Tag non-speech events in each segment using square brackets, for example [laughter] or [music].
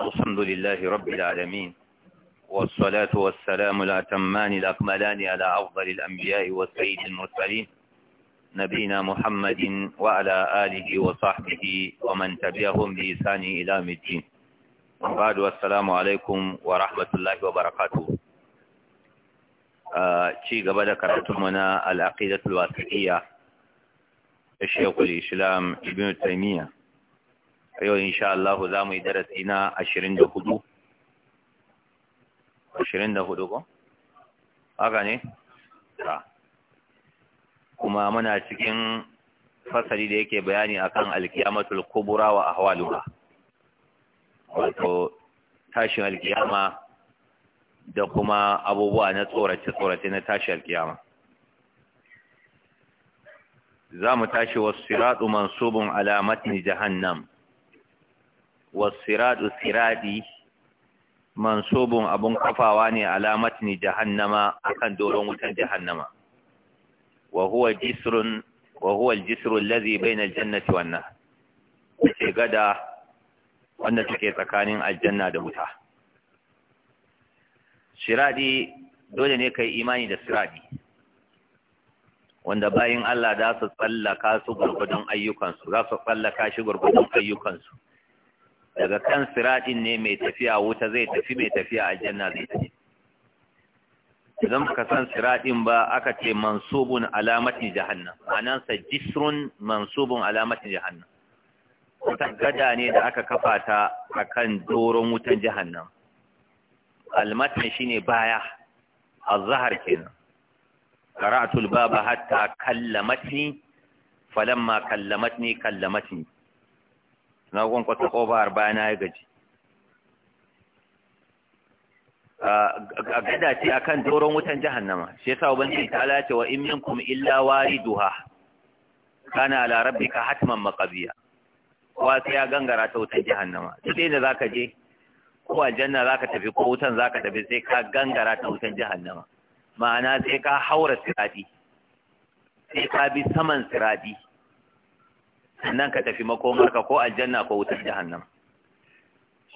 الحمد لله رب العالمين والصلاة والسلام الأتمان الأكملان على أفضل الأنبياء والسيد المرسلين نبينا محمد وعلى آله وصحبه ومن تبعهم بإحسان إلى يوم الدين وبعد والسلام عليكم ورحمة الله وبركاته شيء قبل كرتمنا العقيدة الواسطية الشيخ الإسلام ابن تيمية yau insha Allah za mu yi darasi na ashirin da hudu ashirin da hudu ko? haka ne? ta kuma muna cikin fasali da yake bayani akan alkiyamatul kubura wa ahwaluha wato tashin alkiyama da kuma abubuwa na tsorace-tsorace na tashin alkiyama za mu tashi wasu siratu mansubun alamatin jahannam wasiradu siradi mansubun abun kafawa ne alamat ni jahannama akan doron wutan jahannama wa huwa jisrun wa huwa aljisru allazi baina aljannati wan nar gada wanda take tsakanin aljanna da wuta siradi dole ne kai imani da siradi wanda bayin Allah za su tsallaka su gurgudun ayyukansu za su tsallaka shi gurgudun ayyukansu daga kan siratin ne mai tafiya wuta zai tafi mai tafiya aljanna zai tafi idan ka san siratin ba aka ce mansubun alamatin jahannam ma'anan sa jisrun mansubun alamatin jahannam wata gada ne da aka kafa ta akan doron wutan jahannam almatin shine baya azhar kenan qara'atul baba hatta kallamatni falamma kallamatni kallamatni na kwankwata ƙofar bayana ya gaji a gada ce a kan doron wutan jahannama shi yasa ubangiji ta ala ce wa in minkum illa duha kana ala rabbika hatman maqdiya kowa sai ya gangara ta wutan jahannama duk inda zaka je ko aljanna zaka tafi ko wutan zaka tafi sai ka gangara ta wutan jahannama ma'ana sai ka haura siradi sai ka bi saman siradi sannan ka tafi makomarka ko aljanna ko wutar jahannam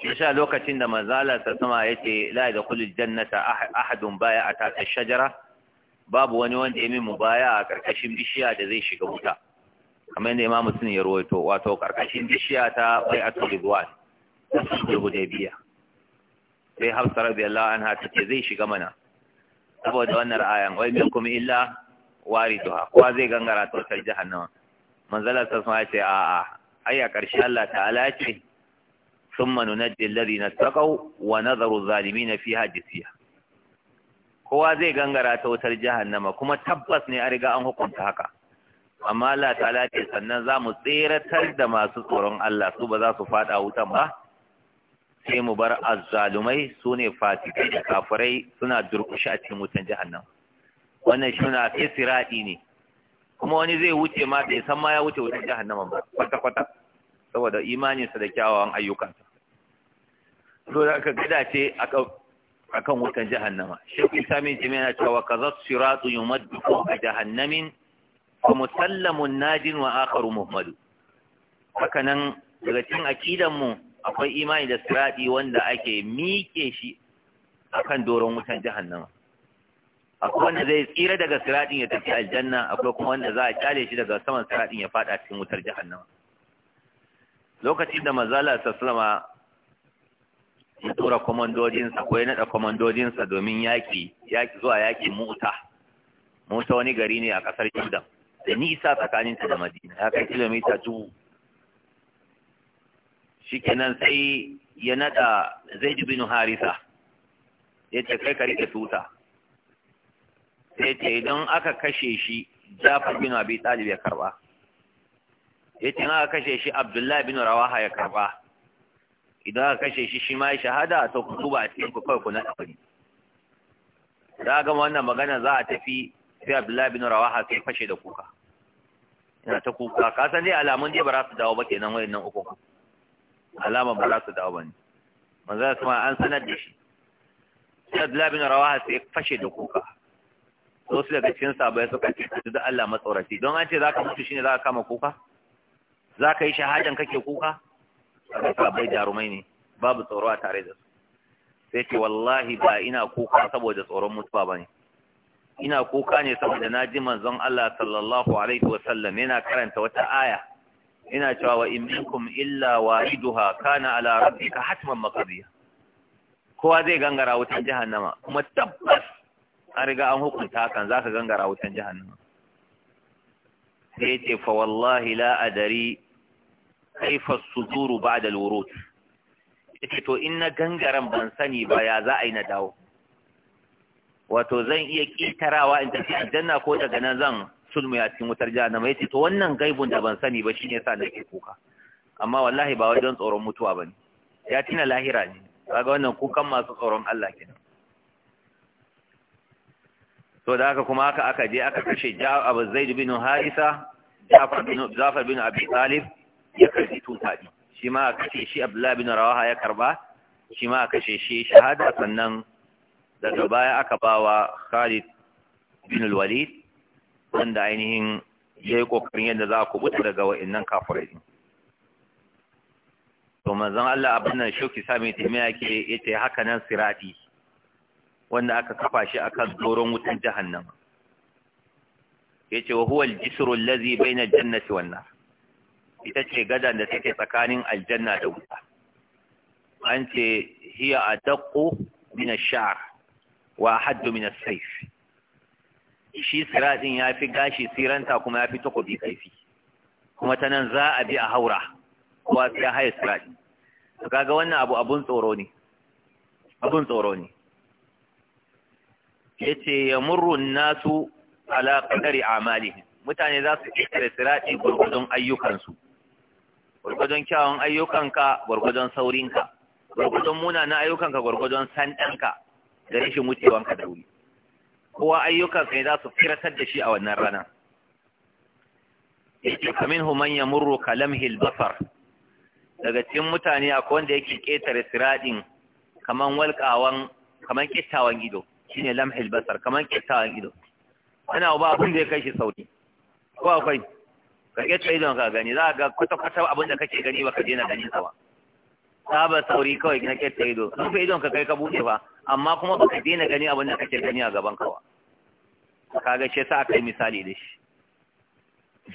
yasa lokacin da manzala ta sama da la janna ta ah-, ahadun baya a tasar shajara babu wani wanda ya min mu baya a karkashin bishiya da zai shiga wuta kamar yadda imamu sun ya rawaito wato karkashin bishiya ta bai bai'atul ridwan ta sulhul hudaybiya sai hafsa an anha ce zai shiga mana saboda wannan ra'ayan wai kuma illa wari wariduha kowa zai gangara ta jahannama manzala ta sun ce a a ai a ƙarshe Allah ta'ala ce na jillari na taqaw wa nazaru zalimi na fiha hajjisiya kowa zai gangara ta wutar jihar Nama, kuma tabbas ne a riga an hukunta haka amma Allah ta'ala ce sannan za mu tseratar da masu tsoron Allah su ba za su faɗa wutan ba sai mu bar azzalumai su ne fasikai da kafirai suna durƙushe a cikin wutan jahannama wannan shi na fi siradi ne kuma wani zai wuce ma ya san ma ya wuce wajen jahannama ba kwata kwata saboda imaninsa da kyawawan ayyukansa so da aka gida ce akan wutan jahannama shekul islamin jami yana cewa ka zasu shiratu yumaddu a jahannamin musallamun najin wa akharu muhammadu haka nan daga cikin akidan mu akwai imani da sirati wanda ake miƙe shi akan doron wutan jahannama akwai wanda zai tsira daga siratin ya tafi aljanna akwai kuma wanda za a kyale shi daga saman siratin ya fada cikin wutar jahannama lokacin da mazala sassalama ya tura komandojinsa ko ya nada komandojinsa domin yaki yaki zuwa yakin mu'ta Mota wani gari ne a kasar Jordan da nisa tsakaninta da Madina ya kai kilomita dubu shikenan sai ya nada Zaid bin Harisa ce kai ka rike tuta sai ce idan aka kashe shi Jafar bin Abi Talib ya karba yace ce aka kashe shi Abdullahi bin Rawaha ya karba idan aka kashe shi shi ma ya shahada to ku duba a cikin ku kawai ku na tsari da ga wannan magana za a tafi sai Abdullahi bin Rawaha sai fashe da kuka ina ta kuka ka san dai alamun dai ba za su dawo ba kenan nan uku alama ba za su dawo ba ne manzo ya an sanar da shi sai Abdullahi bin Rawaha sai fashe da kuka wasu daga cikin sabai suka ce da Allah matsoraci don an ce za ka mutu shine za ka kama kuka za ka yi shahadan kake kuka kaga sabai jarumai ne babu tsoro a tare da su sai ce wallahi ba ina kuka saboda tsoron mutuwa bane ina kuka ne saboda na ji manzon Allah sallallahu alaihi wa sallam yana karanta wata aya ina cewa wa in minkum illa wahiduha kana ala rabbika hatman maqdiya kowa zai gangara wutan jahannama kuma tabbas an riga an hukunta hakan za ka gangara wutan jahannama sai ce fa wallahi la adari kaifa suduru ba'da al-wurud yace to in na gangaran ban sani ba ya za a yi na dawo wato zan iya kitarawa in tafi aljanna ko daga nan zan sulmu ya cikin wutar jahannama yace to wannan gaibun da ban sani ba shine yasa nake kuka amma wallahi ba wai don tsoron mutuwa bane ya tina lahira ne kaga wannan kukan masu tsoron Allah kenan To da haka kuma haka aka je aka kashe abu zaid bin harisa jafar bin zafar bin abi talib ya karbi tuta din shi ma aka kashe shi abdullahi bin rawaha ya karba shi ma aka kashe shi shahada sannan daga baya aka bawa khalid bin walid wanda ainihin ya yi kokarin yadda za a kubuta daga wa'annan kafirai din to manzon Allah abin nan shoki sami taimiya ke yace haka nan sirati wanda aka kafa shi kan doron wutan jahannama yace wa huwa al lazi bai na jannati wannan. ita ce gadan da take tsakanin aljanna da wuta an ce hiya a min ash sha'ar wa haddu min as shi siratin yafi gashi siranta kuma fi takobi kaifi kuma ta nan za a bi a haura kowa ya haye sirati kaga wannan abu abun tsoro ne abun tsoro ne yace yamurru nasu ala qadari a'malihim mutane za su ƙetare sirati gurgudun ayyukansu gurgudun kyawun ayyukanka gurgudun saurinka gurgudun na ayyukanka gurgudun sandanka da rashin wucewanka da wuri kowa ayyukansa ne za su firatar da shi a wannan rana yake kamin human ya murro Kalam hilbafar. daga cikin mutane akwai wanda yake ƙetare siraɗin kaman walƙawan kamar ƙittawan ido shine lamhil basar kamar kyattawan ido ana ba abin da ya kai shi sauri ko akwai ka tsaye don ka gani za ga kwata-kwata abin da kake gani baka je na gani sawa saba sauri kawai na kyatsa do, rufe idon ka kai ka buɗe ba amma kuma baka je na gani abin da kake gani a gaban kawa kaga shi sa aka yi misali da shi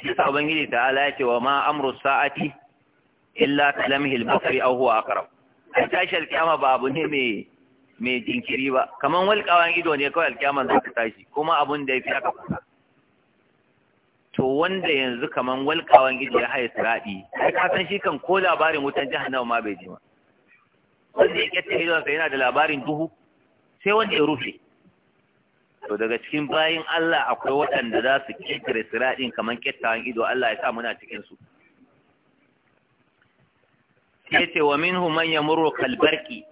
shi sa ubangiji ta ala ya ce wa ma amru sa'ati illa kalamhil basari aw huwa aqrab ai tashi alkiyama ba abu ne mai mai jinkiri ba kaman walƙawan ido ne kawai alƙiyama za ka tashi kuma abun da ya fi haka kusa to wanda yanzu kaman walƙawan ido ya haye siraɗi ai ka san shi kan ko labarin wutan jahannama ma bai ji ba wanda ya kyatta idonsa yana da labarin duhu sai wanda ya rufe to daga cikin bayin Allah akwai waɗanda za su ƙetare siraɗin kaman ƙettawan ido Allah ya sa muna cikin su sai ce wa minhu man yamurru kalbarki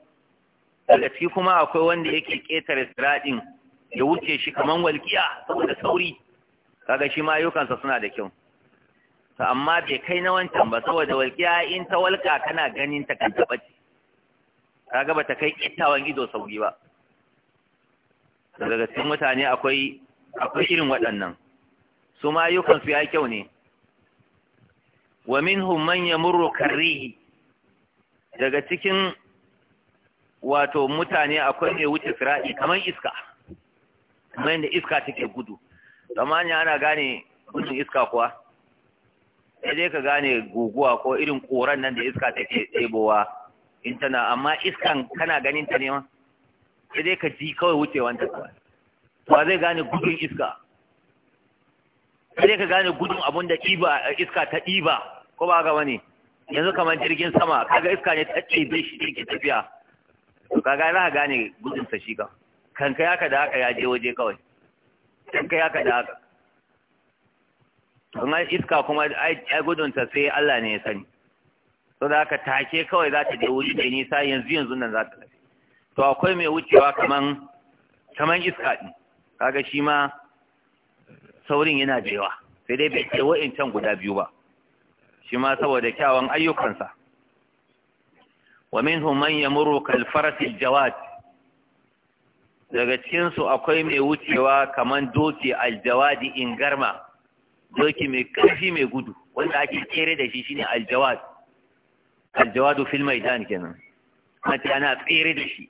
daga ciki kuma akwai wanda yake ƙetare siraɗin ya wuce shi kamar walƙiya saboda sauri kaga shi ma suna da kyau to amma bai kai na wancan ba saboda walƙiya in ta walƙa kana ganin ta kan taɓa ce kaga bata kai ƙittawan ido sauri ba daga cikin mutane akwai akwai irin waɗannan su ma ya kyau ne wa minhum man yamurru karrihi daga cikin wato mutane akwai mai wuce sira'i kamar iska kamar yadda iska take gudu zamani ana gane gudun iska kuwa sai dai ka gane guguwa ko irin koran nan da iska take tsebowa in tana amma iskan kana ganin ta ne ma sai dai ka ji kawai wucewan ta kawai to zai gane gudun iska sai dai ka gane gudun abun da ɗiba iska ta ɗiba ko ba ga wani yanzu kamar jirgin sama kaga iska ne ta ɗebe shi jirgin tafiya to kaga za ka gane gudun sa shi ka kan kai haka da haka ya je waje kawai kan kai haka da haka kuma iska kuma ai gudun ta sai Allah ne ya sani to da haka take kawai za ta je wuri da nisa yanzu yanzu nan za ta tafi to akwai mai wucewa kaman kaman iska din kaga shi ma saurin yana jewa sai dai bai ce can guda biyu ba shi ma saboda kyawun ayyukansa ومنهم من يمر كالفرس الجواد daga cikinsu akwai mai wucewa kamar doki aljawadi in garma doki mai ƙarfi mai gudu wanda ake tsere da shi shine aljawad aljawadu fil maidan kenan mace ana tsere da shi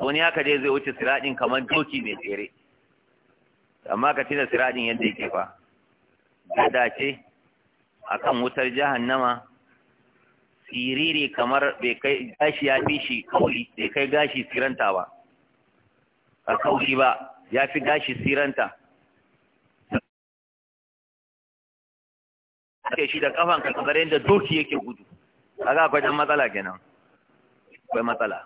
wani haka dai zai wuce siradin kamar doki mai tsere amma ka tuna siradin yadda yake fa da dace akan wutar jahannama ne kamar bai kai gashi ya fi shi kauli bai kai gashi siranta ba a kauli ba ya fi gashi siranta ake shi da kafan ka kamar yadda doki yake gudu kaga akwai dan matsala kenan akwai matsala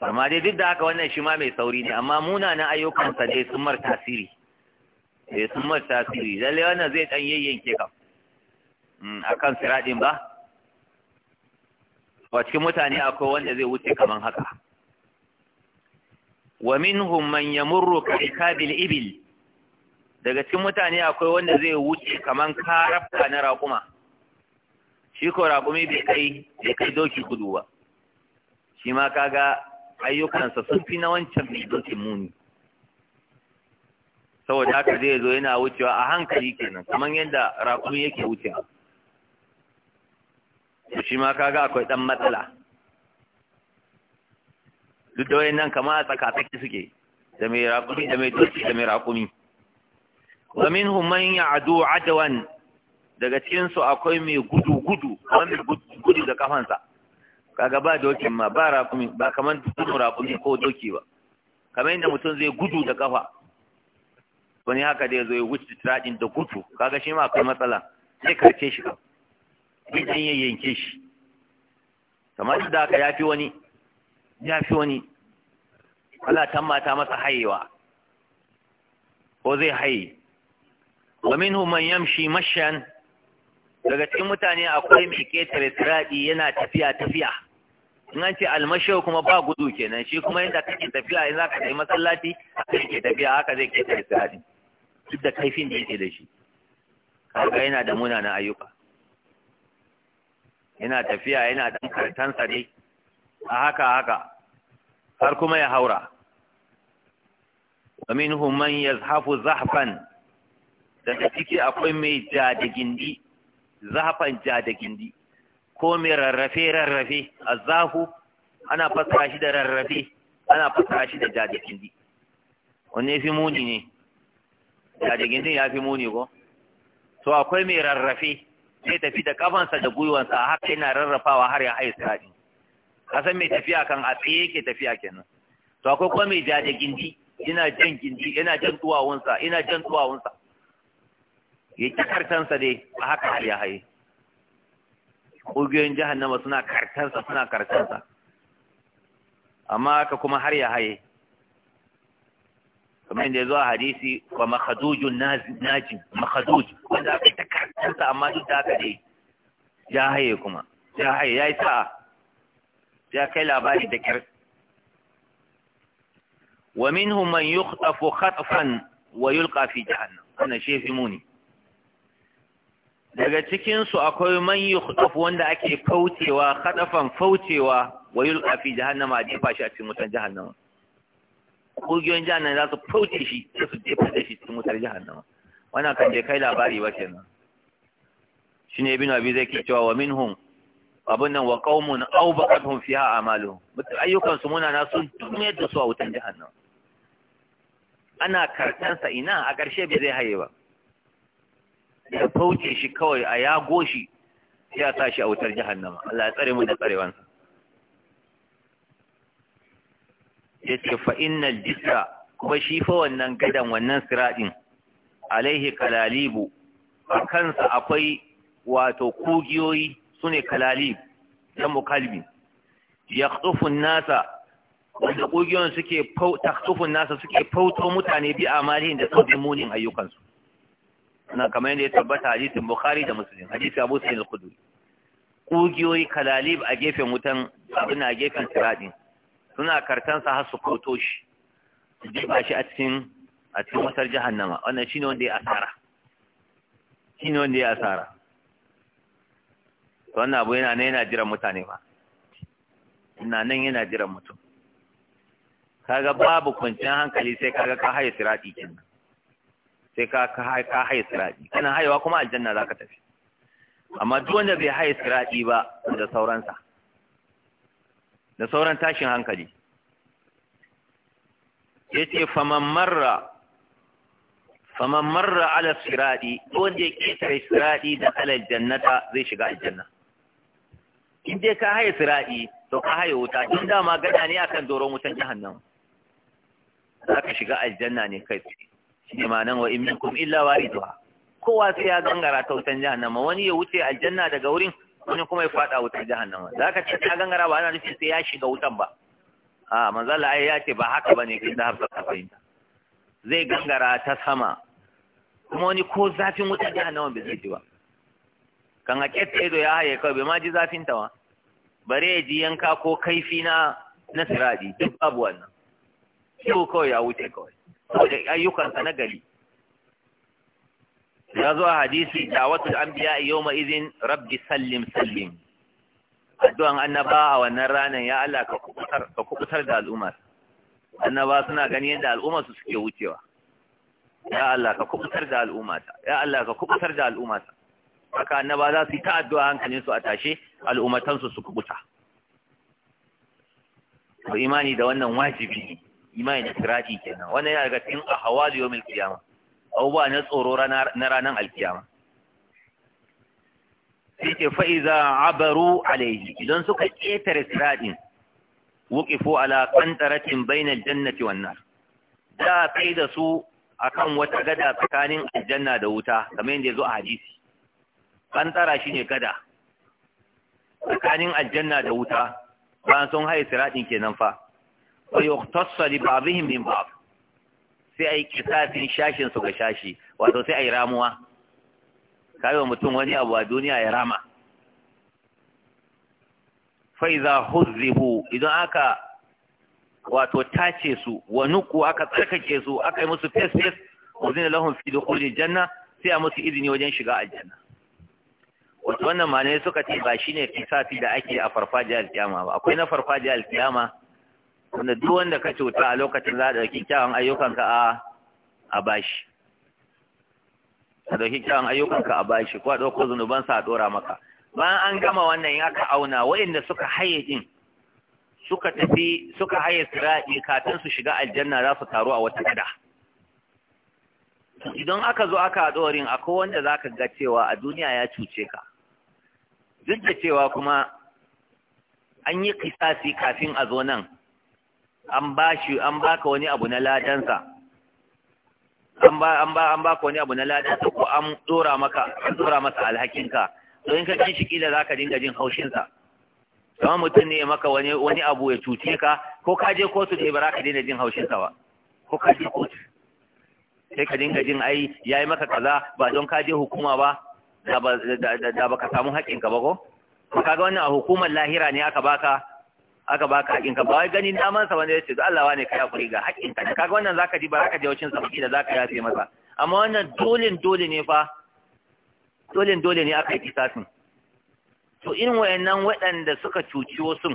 amma dai duk da haka wannan shi ma mai sauri ne amma munanan ayyukansa dai sun mar tasiri eh sun mar tasiri lalle wannan zai dan yayyanke kam Mm, a kan siraɗin ba wa cikin mutane akwai wanda zai wuce kamar haka wa minhum man yamurru ka ikabil ibil daga cikin mutane akwai wanda zai wuce kamar karafka na raƙuma shi ko raƙumi bai kai bai kai doki kudu ba shi ma kaga ayyukansa sun fi na wancan mai doki muni saboda haka zai zo yana wucewa a hankali kenan kamar yadda raƙumi yake wucewa to shi ma kaga akwai dan matsala duk da wayannan kama a tsakatsaki suke da mai raƙumi da mai dutse, da mai raƙumi wa minhum man ya'du adwan daga cikin su akwai mai gudu gudu wanda gudu da kafansa kaga ba dokin ma ba raƙumi ba kaman dukkan raƙumi ko doki ba kamar yadda mutum zai gudu da kafa wani haka da ya zo ya wuce tradin da gudu kaga shi ma akwai matsala sai karce shi kawai sai dan ya yanke shi kamar da aka yafi wani yafi wani Allah tammata masa hayewa ko zai haye wa minhum man yamshi mashyan daga cikin mutane akwai mai ketare siradi yana tafiya tafiya in an ce almashau kuma ba gudu kenan shi kuma yadda kake tafiya in zaka tafi masallaci haka yake tafiya haka zai ketare siradi duk da kaifin da yake da shi kaga yana da munanan ayyuka yana tafiya yana ɗan kartansa ne a haka haka har kuma ya haura wamin man yazhafu zahfan daga ciki akwai mai jadagindi zahfan jadagindi ko mai rarrafe rarrafe a ana fasara shi da rarrafe ana fasara shi da jadagindi wanne fi muni ne jadagindin ya fi muni ko to akwai mai rarrafe zai tafi da kafansa da gwiwansa haka yana rarrafawa har ya haye sirati kasan mai tafiya kan a tsaye ke tafiya kenan to akwai kuma mai jaje gindi ina jan gindi ina jan duwawunsa ina jan duwawunsa ya ki kartansa dai a haka har ya haye jihar jahannama suna kartansa suna kartansa amma haka kuma har ya haye kamar yadda a hadisi wa makhadujun najin makhaduj wanda aka ta karkansa amma duk da aka dai ya haye kuma ya haye ya yi sa'a ya kai labari da kyar wa human yi kutafo katafan wa yulqa fi jahannam wanda shefi muni daga cikinsu akwai man kutafo wanda ake kaucewa katafan faucewa wa yulqa fi ma a jefa shi a cikin wutan jahannama jihar nan za su fauce shi da su jefa da shi cikin wutar nan wannan kan je kai labari ba kenan ne ibnu abi zai ke cewa wa minhum abun nan wa qaumun aw ba'adhum fiha amalu ayyukan su muna na sun tunye da su a wutan nan ana karɓar sa ina a ƙarshe bai zai haye ba ya fauce shi kawai a yago shi ya sa shi a wutar nan Allah ya tsare mu da tsarewansa yace fa innal jisra kuma shi fa wannan gadan wannan siradin alaihi kalalibu a kansa akwai wato kugiyoyi ne kalalibu ta mukalbi tsufin nasa wanda kugiyoyin suke tsufin nasa suke fauto mutane bi malihin da sabbin munin ayyukansu na kamar yadda ya tabbata hadisin bukari da musulun hadisi abu sai na kudu kugiyoyi kalalib a gefen wutan abin a gefen siradin suna kartansa har su koto shi su jefa shi a cikin a cikin wutar jahannama wannan shine wanda ya asara shine wanda ya asara wannan abu yana nan yana jiran mutane ba ina nan yana jiran mutum kaga babu kwanciyar hankali sai kaga ka haye siradi kenan sai ka ka haye siradi kana hayewa kuma aljanna zaka tafi amma duk wanda bai haye siradi ba da sauransa da sauran tashin hankali ya ce faman marra ala siradi wanda ya ƙetare siradi da alal jannata zai shiga aljanna in dai ka haye siradi to ka haye wuta don dama gada ne akan doron wutan nan. za ka shiga aljanna ne kai tsaye shi ne ma nan wa in minkum illa wariduha kowa sai ya gangara ta wutan ma wani ya wuce aljanna daga wurin wani kuma ya fada wutar jahannama za ka ce ta gangara ba ana nufin sai ya shiga wutan ba a manzala ai ya ce ba haka bane kin da hafsa ta fahimta zai gangara ta sama kuma wani ko zafin wutar jahannama bai zai ji ba kan a ta ido ya haye kawai bai ma ji zafin ta ba bare ya ji yanka ko kaifi na na siradi duk abu wannan yau kawai ya wuce kawai saboda ayyukansa na gari ya zo a hadisi da'watul a yau ma’izin rabbi sallim sallim addu'an annaba a wannan ranar ya Allah ka kubutar ka kubutar da al'ummar annaba suna gani yadda al'ummar su suke wucewa ya Allah ka kubutar da ta. ya Allah ka kubutar da ta. haka annaba za su yi ta addu'a hankalin su a tashe al'ummatan su su kubuta imani da wannan wajibi imani da sirati kenan wannan yana daga cikin ahwal yomil kiyama abubuwa na tsoro na ranar alkiyama sai ce fa'iza abaru alaihi idan suka ƙetare siradin wuƙifo ala kantaratin bainar jannati wannan Za a kai da su akan wata gada tsakanin aljanna da wuta kamar yadda ya zo a hadisi shi ne gada tsakanin aljanna da wuta ba sun haifi siradin kenan fa fa yuqtassa ba min ba'd sai a yi kisafin shashin su ga shashi wato sai a yi ramuwa kayo mutum wani abu a duniya ya rama faiza huzzibu idan aka wato tace su wa nuku aka tsarkake su aka yi musu fes fes zina lahun fi dukhulil janna sai a musu izini wajen shiga aljanna wato wannan malai suka ce ba shine fi da ake a farfajiyar alkiyama ba akwai na farfajiyar alkiyama wanda duk wanda ka cuta a lokacin za a ɗauki kyawun ayyukanka a a bashi a ɗauki kyawun ayyukanka a bashi ko a ɗauko sa a ɗora maka bayan an gama wannan in aka auna waɗanda suka haye ɗin suka tafi suka haye sira'i su shiga aljanna za su taru a wata gada. idan aka zo aka ɗorin akwai wanda za ka ga cewa a duniya ya cuce ka duk da cewa kuma an yi kisasi kafin a zo nan an ba shi an baka wani abu na ladansa an ba an ba an wani abu na ladansa ko an dora maka an dora masa alhakinka to in ka ji shi kila zaka dinga jin haushin sa kamar mutum ne maka wani wani abu ya cuce ka ko ka je kotu ne ba zaka dinga jin haushin sa ba ko ka je kotu sai ka dinga jin ai yayi maka kaza ba don ka je hukuma ba da ba ka samu haƙƙinka ba ko kaga wannan a hukumar lahira ne aka baka aka baka hakin ka ba wai ganin daman sa wanda yace Allah wane kai hakuri ga hakin ka kaga wannan zaka ji ba zaka je wucin sa da zaka yafe masa amma wannan dolin dole ne fa dolin dole ne aka yi kisasin to irin wayannan waɗanda suka cuci wasu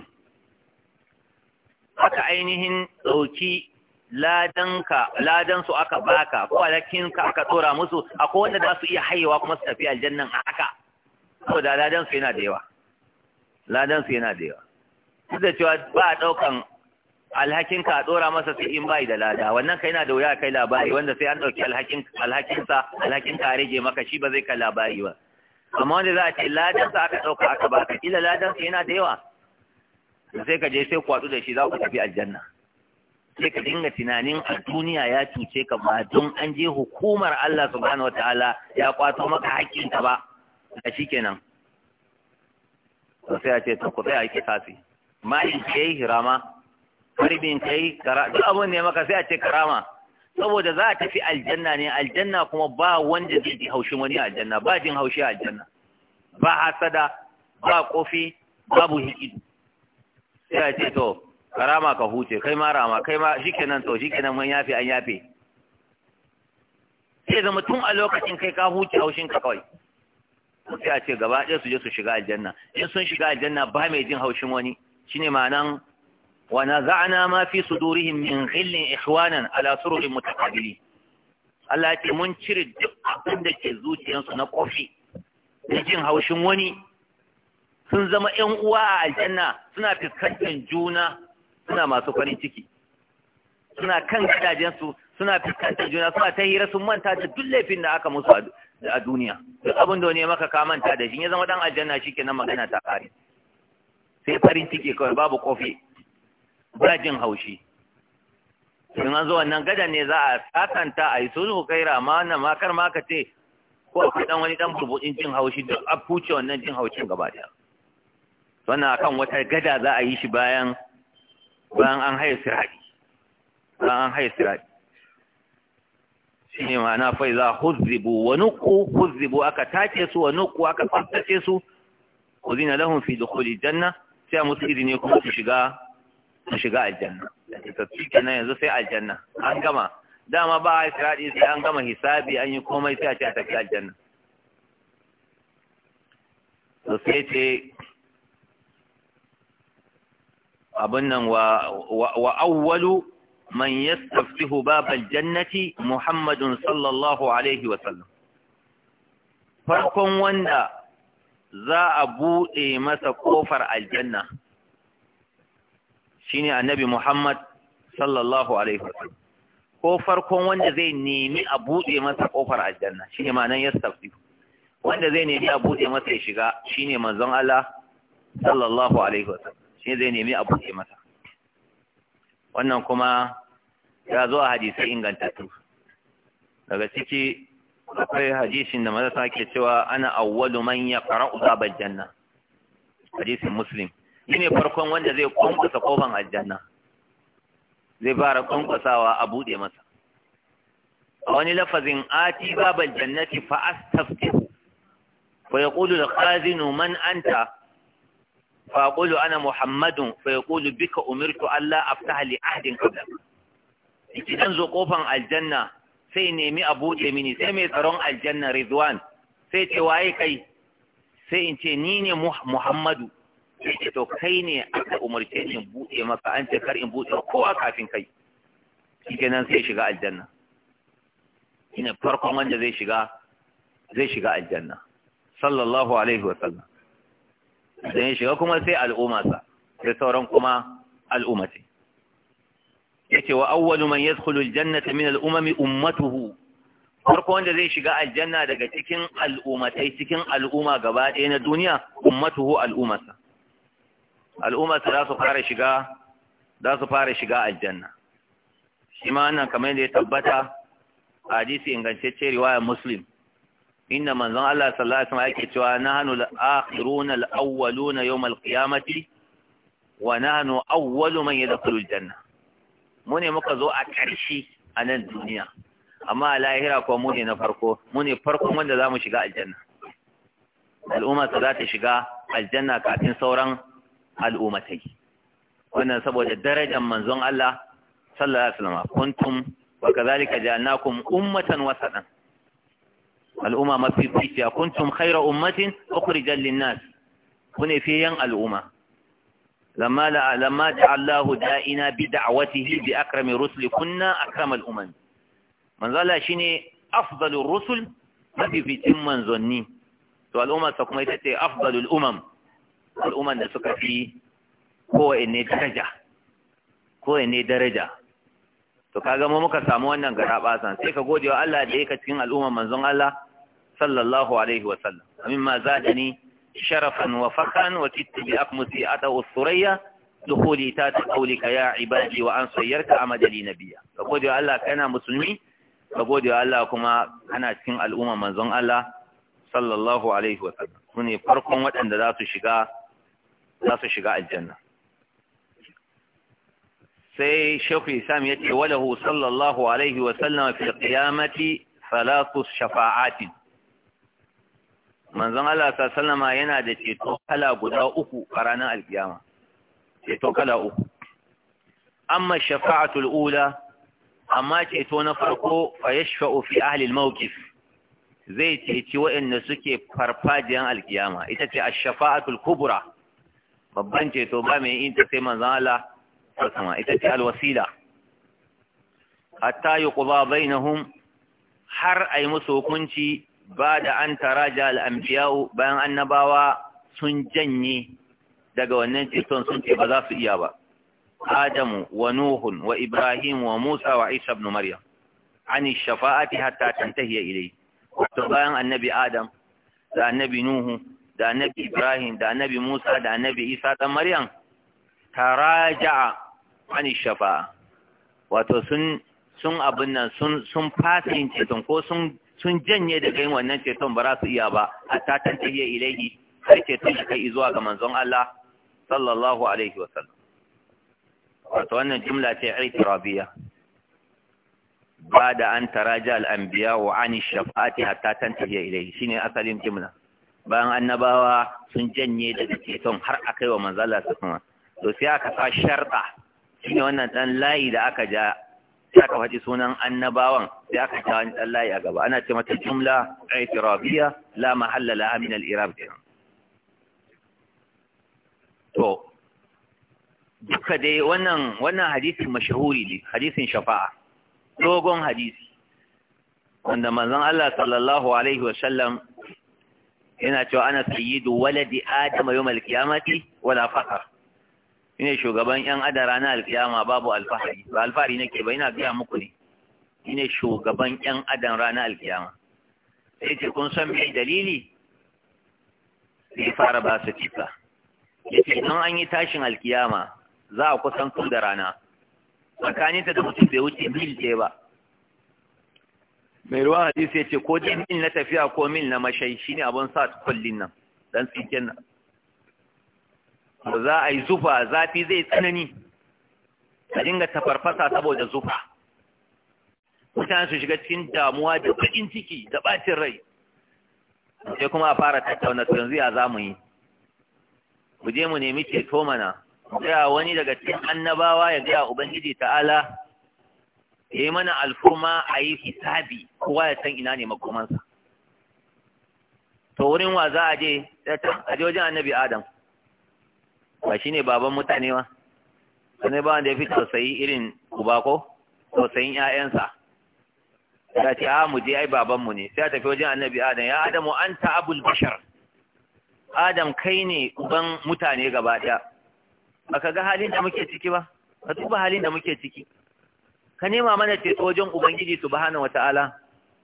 aka ainihin ɗauki ladanka ladan su aka baka ko alakin ka aka tsora musu akwai wanda za su iya haihuwa kuma su tafi aljannan haka saboda ladan su yana da yawa ladan su yana da yawa duk da cewa ba a ɗaukan alhakin ka a ɗora masa sai in bai da lada wannan kai na da wuya kai labari wanda sai an ɗauki alhakin alhakin sa alhakin ka rage maka shi ba zai kai labari ba amma wanda za a ce ladan sa aka ɗauka aka ba, ka kila ladan sa yana da yawa sai ka je sai kwadu da shi za ku tafi aljanna sai ka dinga tunanin a duniya ya cuce ka ba don an je hukumar Allah subhanahu wataala ya kwato maka hakkin ka ba a shikenan sai a ce to ku sai a yi kisasi mayin ka yi hirama harbin ka yi kara duk abin ne maka sai a ce karama saboda za a tafi aljanna ne aljanna kuma ba wanda zai ji haushin wani aljanna ba jin haushi aljanna ba hasada ba kofi babu hikidu sai a ce to karama ka huce kai ma rama kai ma shikenan to shikenan mun yafe an yafe sai zama tun a lokacin kai ka huce haushin ka kawai sai a ce gaba ɗaya su je su shiga aljanna in sun shiga aljanna ba mai jin haushin wani shine ma'anan wa na ma fi su durihin min hillin ishwanan ala sururin mutaqabili Allah ya ce mun cire duk abin da ke zuciyarsu na kofi da jin haushin wani sun zama 'yan uwa a aljanna suna fiskantar juna suna masu farin ciki suna kan gidajensu suna fiskantar juna suna ta hira sun manta da duk laifin da aka musu a duniya duk abin da wani ya maka ka manta da shi ya zama dan aljanna shi kenan magana ta ƙari sai farin ciki kawai babu kofi ba jin haushi in an zo wannan gada ne za a satanta a yi sulhu kaira ma wannan makar ma ka ce ko a dan wani dan burbuɗin jin haushi duk a fuce wannan jin haushin gaba daya wannan akan wata gada za a yi shi bayan bayan an haye sirari bayan an haye sirari shine ma'ana fa iza huzzibu wa nuqu huzzibu aka tace su wa nuqu aka tsaftace su uzina lahum fi dukhuli janna sai a musu izini kuma su shiga su shiga aljanna to kenan yanzu sai aljanna an gama dama ba a isra'i sai an gama hisabi an yi komai sai a ce a tafi aljanna to sai ce abin nan wa awwalu man yastaftihu babal jannati muhammadun sallallahu alaihi wa sallam farkon wanda za a buɗe masa ƙofar aljanna shine annabi Muhammad sallallahu alaihi wasallam ko farkon wanda zai nemi a buɗe masa ƙofar aljanna shine ma'anar yastafi wanda zai nemi a buɗe masa ya shiga shine manzon Allah sallallahu alaihi wasallam shine zai nemi a buɗe masa wannan kuma ya zo a hadisai ingantattu daga ciki akwai hadisin da maza ke cewa ana awwalu man ya fara'u babal janna hadisin muslim shi ne farkon wanda zai kwankwasa kofan aljanna zai fara kwankwasawa a buɗe masa a wani lafazin ati babal jannati fa astaftihu fa yaqulu al-khazinu man anta fa aqulu ana muhammadun fa yaqulu bika umirtu alla aftaha li ahdin qablak idan zo kofan aljanna sai nemi a buɗe mini sai mai tsaron aljanna ridwan sai ce waye kai sai in ce ni ne muhammadu sai ce to kai ne aka umarce in buɗe maka an ce kar in buɗe kowa kafin kai nan sai shiga aljanna Ina farkon wanda zai shiga zai shiga aljanna sallallahu alaihi wa sallam dan shiga kuma sai al'umma sa sai sauran kuma al'umma ce. yace wa awwalu man yadkhulu aljannata min al-umami ummatuhu farko wanda zai shiga aljanna daga cikin al'ummatai cikin al'umma gaba ɗaya na duniya ummatuhu al'ummarsa al'ummarsa za su fara shiga za su fara shiga aljanna shi ma wannan kamar yadda ya tabbata a hadisi ingantacce riwaya muslim inda manzon Allah sallallahu alaihi wasallam yake cewa nahnu al-akhiruna al-awwaluna yawm al-qiyamati wa nahnu awwalu man yadkhulu al-janna mu ne muka zo a ƙarshe a nan duniya amma a lahira ko mu ne na farko mu ne farkon wanda za mu shiga aljanna al'umma za ta shiga aljanna kafin sauran al'ummatai wannan saboda darajar manzon Allah sallallahu alaihi wasallam kuntum wa kadhalika ja'alnakum ummatan wasatan al'umma mafi fifiya kuntum khayra ummatin ukhrijat lin-nas kune fiyan al'umma لما لا لما جعله دائنا بدعوته بأكرم الرسل كنا أكرم الأمم من قال شيني أفضل الرسل ما في في تم من ظني تو الأمم سكما يتتي أفضل الأمم الأمم نسك في هو إني درجة هو إني درجة to kaga mu muka samu wannan garabasan sai ka gode wa Allah da yake cikin al'umman manzon Allah sallallahu alaihi wa sallam amma zadani شرفا وفخرا وكدت بأقمص أدعو الثريا دخولي تات قولك يا عبادي وأن صيرت أمد لي نبيا فقود الله كان مسلمي فقود الله كما أنا سكن الأمم من زن الله صلى الله عليه وسلم من فرق وأن ذات شقاء ذات شقاء الجنة سي شيخ الإسلام يتي وله صلى الله عليه وسلم في القيامة ثلاث شفاعات manzon Allah sallama yana da ceto kala guda uku a ranar alkiyama ceto kala uku amma shafa'atul ula amma ceto na farko fa yashfa'u fi ahli al-mawqif zai ceci waɗanda suke farfajiyan alkiyama ita ce ash-shafa'atul kubra babban ceto ba mai yin ta sai manzon Allah sallama ita ce al-wasila hatta yuqba bainahum har ai musu hukunci ba da an taraja al'amfiyawu bayan annabawa sun janye daga wannan ceton sun ce ba za su iya ba. Adamu wa Nuhun wa Ibrahim wa Musa wa Isa ibn Maryam, an shafa'ati hatta tantahiya ilai. Wato bayan annabi Adam, da annabi Nuhu, da annabi Ibrahim, da annabi Musa, da annabi Isa ɗan Maryam, taraja an shafa'a. Wato sun abin nan sun sun fasin ceton ko sun sun janye daga yin wannan ceton ba za su iya ba a tan tahiyya ilaihi sai ceton shi kai zuwa ga manzon Allah sallallahu alaihi wa sallam wato wannan jumla ce i'tirabiya ba Bada an taraja al-anbiya wa an shafa'ati hatta tan tahiyya ilaihi shine asalin jumla bayan annabawa sun janye daga ceton har akai wa manzon Allah sallallahu alaihi wa sallam to sai aka sa sharda shine wannan dan layi da aka ja sai aka faɗi sunan annabawan sai aka ta wani ɗan a gaba ana ce mata jumla i'tirafiyya la mahalla laha min to duka dai wannan wannan hadisin mashahuri ne hadisin shafa'a dogon hadisi wanda manzon Allah sallallahu alaihi wa sallam yana cewa ana sayyidu waladi adama yawm al-qiyamati wala faqar ne shugaban yan adara na alkiyama babu alfahari ba alfahari nake ba ina gaya muku ne ne shugaban yan adam rana alkiyama sai ce kun san mai dalili sai fara ba su cika yace don an yi tashin alkiyama za a kusan tun da rana ta da mutum bai wuce mil ce ba mai ruwan hadisi ya ce ko dai mil na tafiya ko mil na mashai shine abun sa kullin nan dan cikin nan da za a yi zufa zafi zai tsanani a dinga tafarfasa saboda zufa mutane su shiga cikin damuwa da baƙin ciki da ɓacin rai sai kuma a fara tattauna su yanzu ya za mu yi Ku je mu nemi ceto mana a wani daga cikin annabawa ya gaya ubangiji ta'ala ya yi mana alfuma a yi hisabi kowa ya san ina ne makomansa to wurin wa za a je wajen annabi adam ba ne baban mutane ba wani ba wanda ya fi tausayi irin uba ko tausayin 'ya'yansa. ya ce a ah, mu je ai babanmu ne sai a tafi wajen annabi adam ya adamu an abul bashar adam kai ne uban mutane gaba ɗaya ka ga halin da muke ciki ba ka tuba halin da muke ciki ka nema mana ce wajen ubangiji subhanahu wataala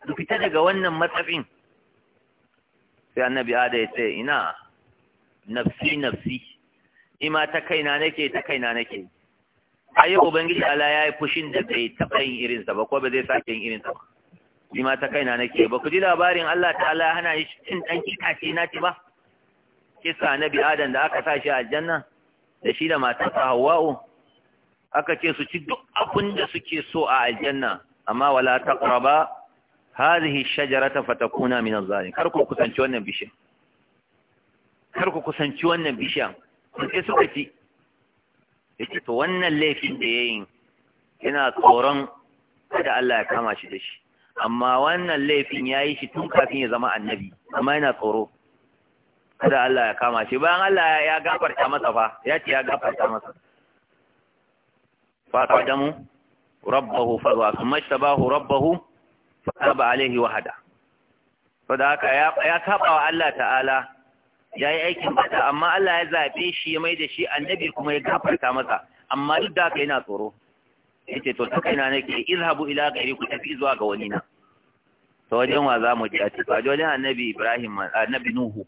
ku fita daga wannan matsafin sai annabi ada ya ina nafsi nafsi ima ta kaina nake ta kaina nake ayi ubangiji Ala ya yi fushin da bai taɓa yin irin sa ba ko ba zai sake yin irin sa ba ima ta kaina nake ba ku ji labarin Allah ta'ala ya hana shi cin dan kitace na ci ba kisa na bi adam da aka sa shi aljanna da shi da matarsa Hawwa'u aka ce su ci duk abun da suke so a aljanna amma wala taqraba hadhihi shajarata fatakuna min az-zalim kar ku kusanci wannan bishiyan kar ku kusanci wannan bishiyar. sai suka ci ya ce to wannan laifin da ya yi yana tsoron kada Allah ya kama shi da shi amma wannan laifin ya yi shi tun kafin ya zama annabi amma yana tsoro kada Allah ya kama shi bayan Allah ya gafarta masa fa ya ce ya gafarta masa fa qadamu rabbahu fa wa kuma shabahu rabbahu fa alaihi wahada saboda haka ya saba wa Allah ta'ala ya yi aikin bada amma Allah ya zaɓe shi ya mai da shi annabi kuma ya gafarta masa amma duk da haka yana tsoro ce to ta kaina nake izhabu ila ghairi ku tafi zuwa ga wani na Ta wajen wa za mu ji a ce ba wajen annabi Ibrahim annabi Nuhu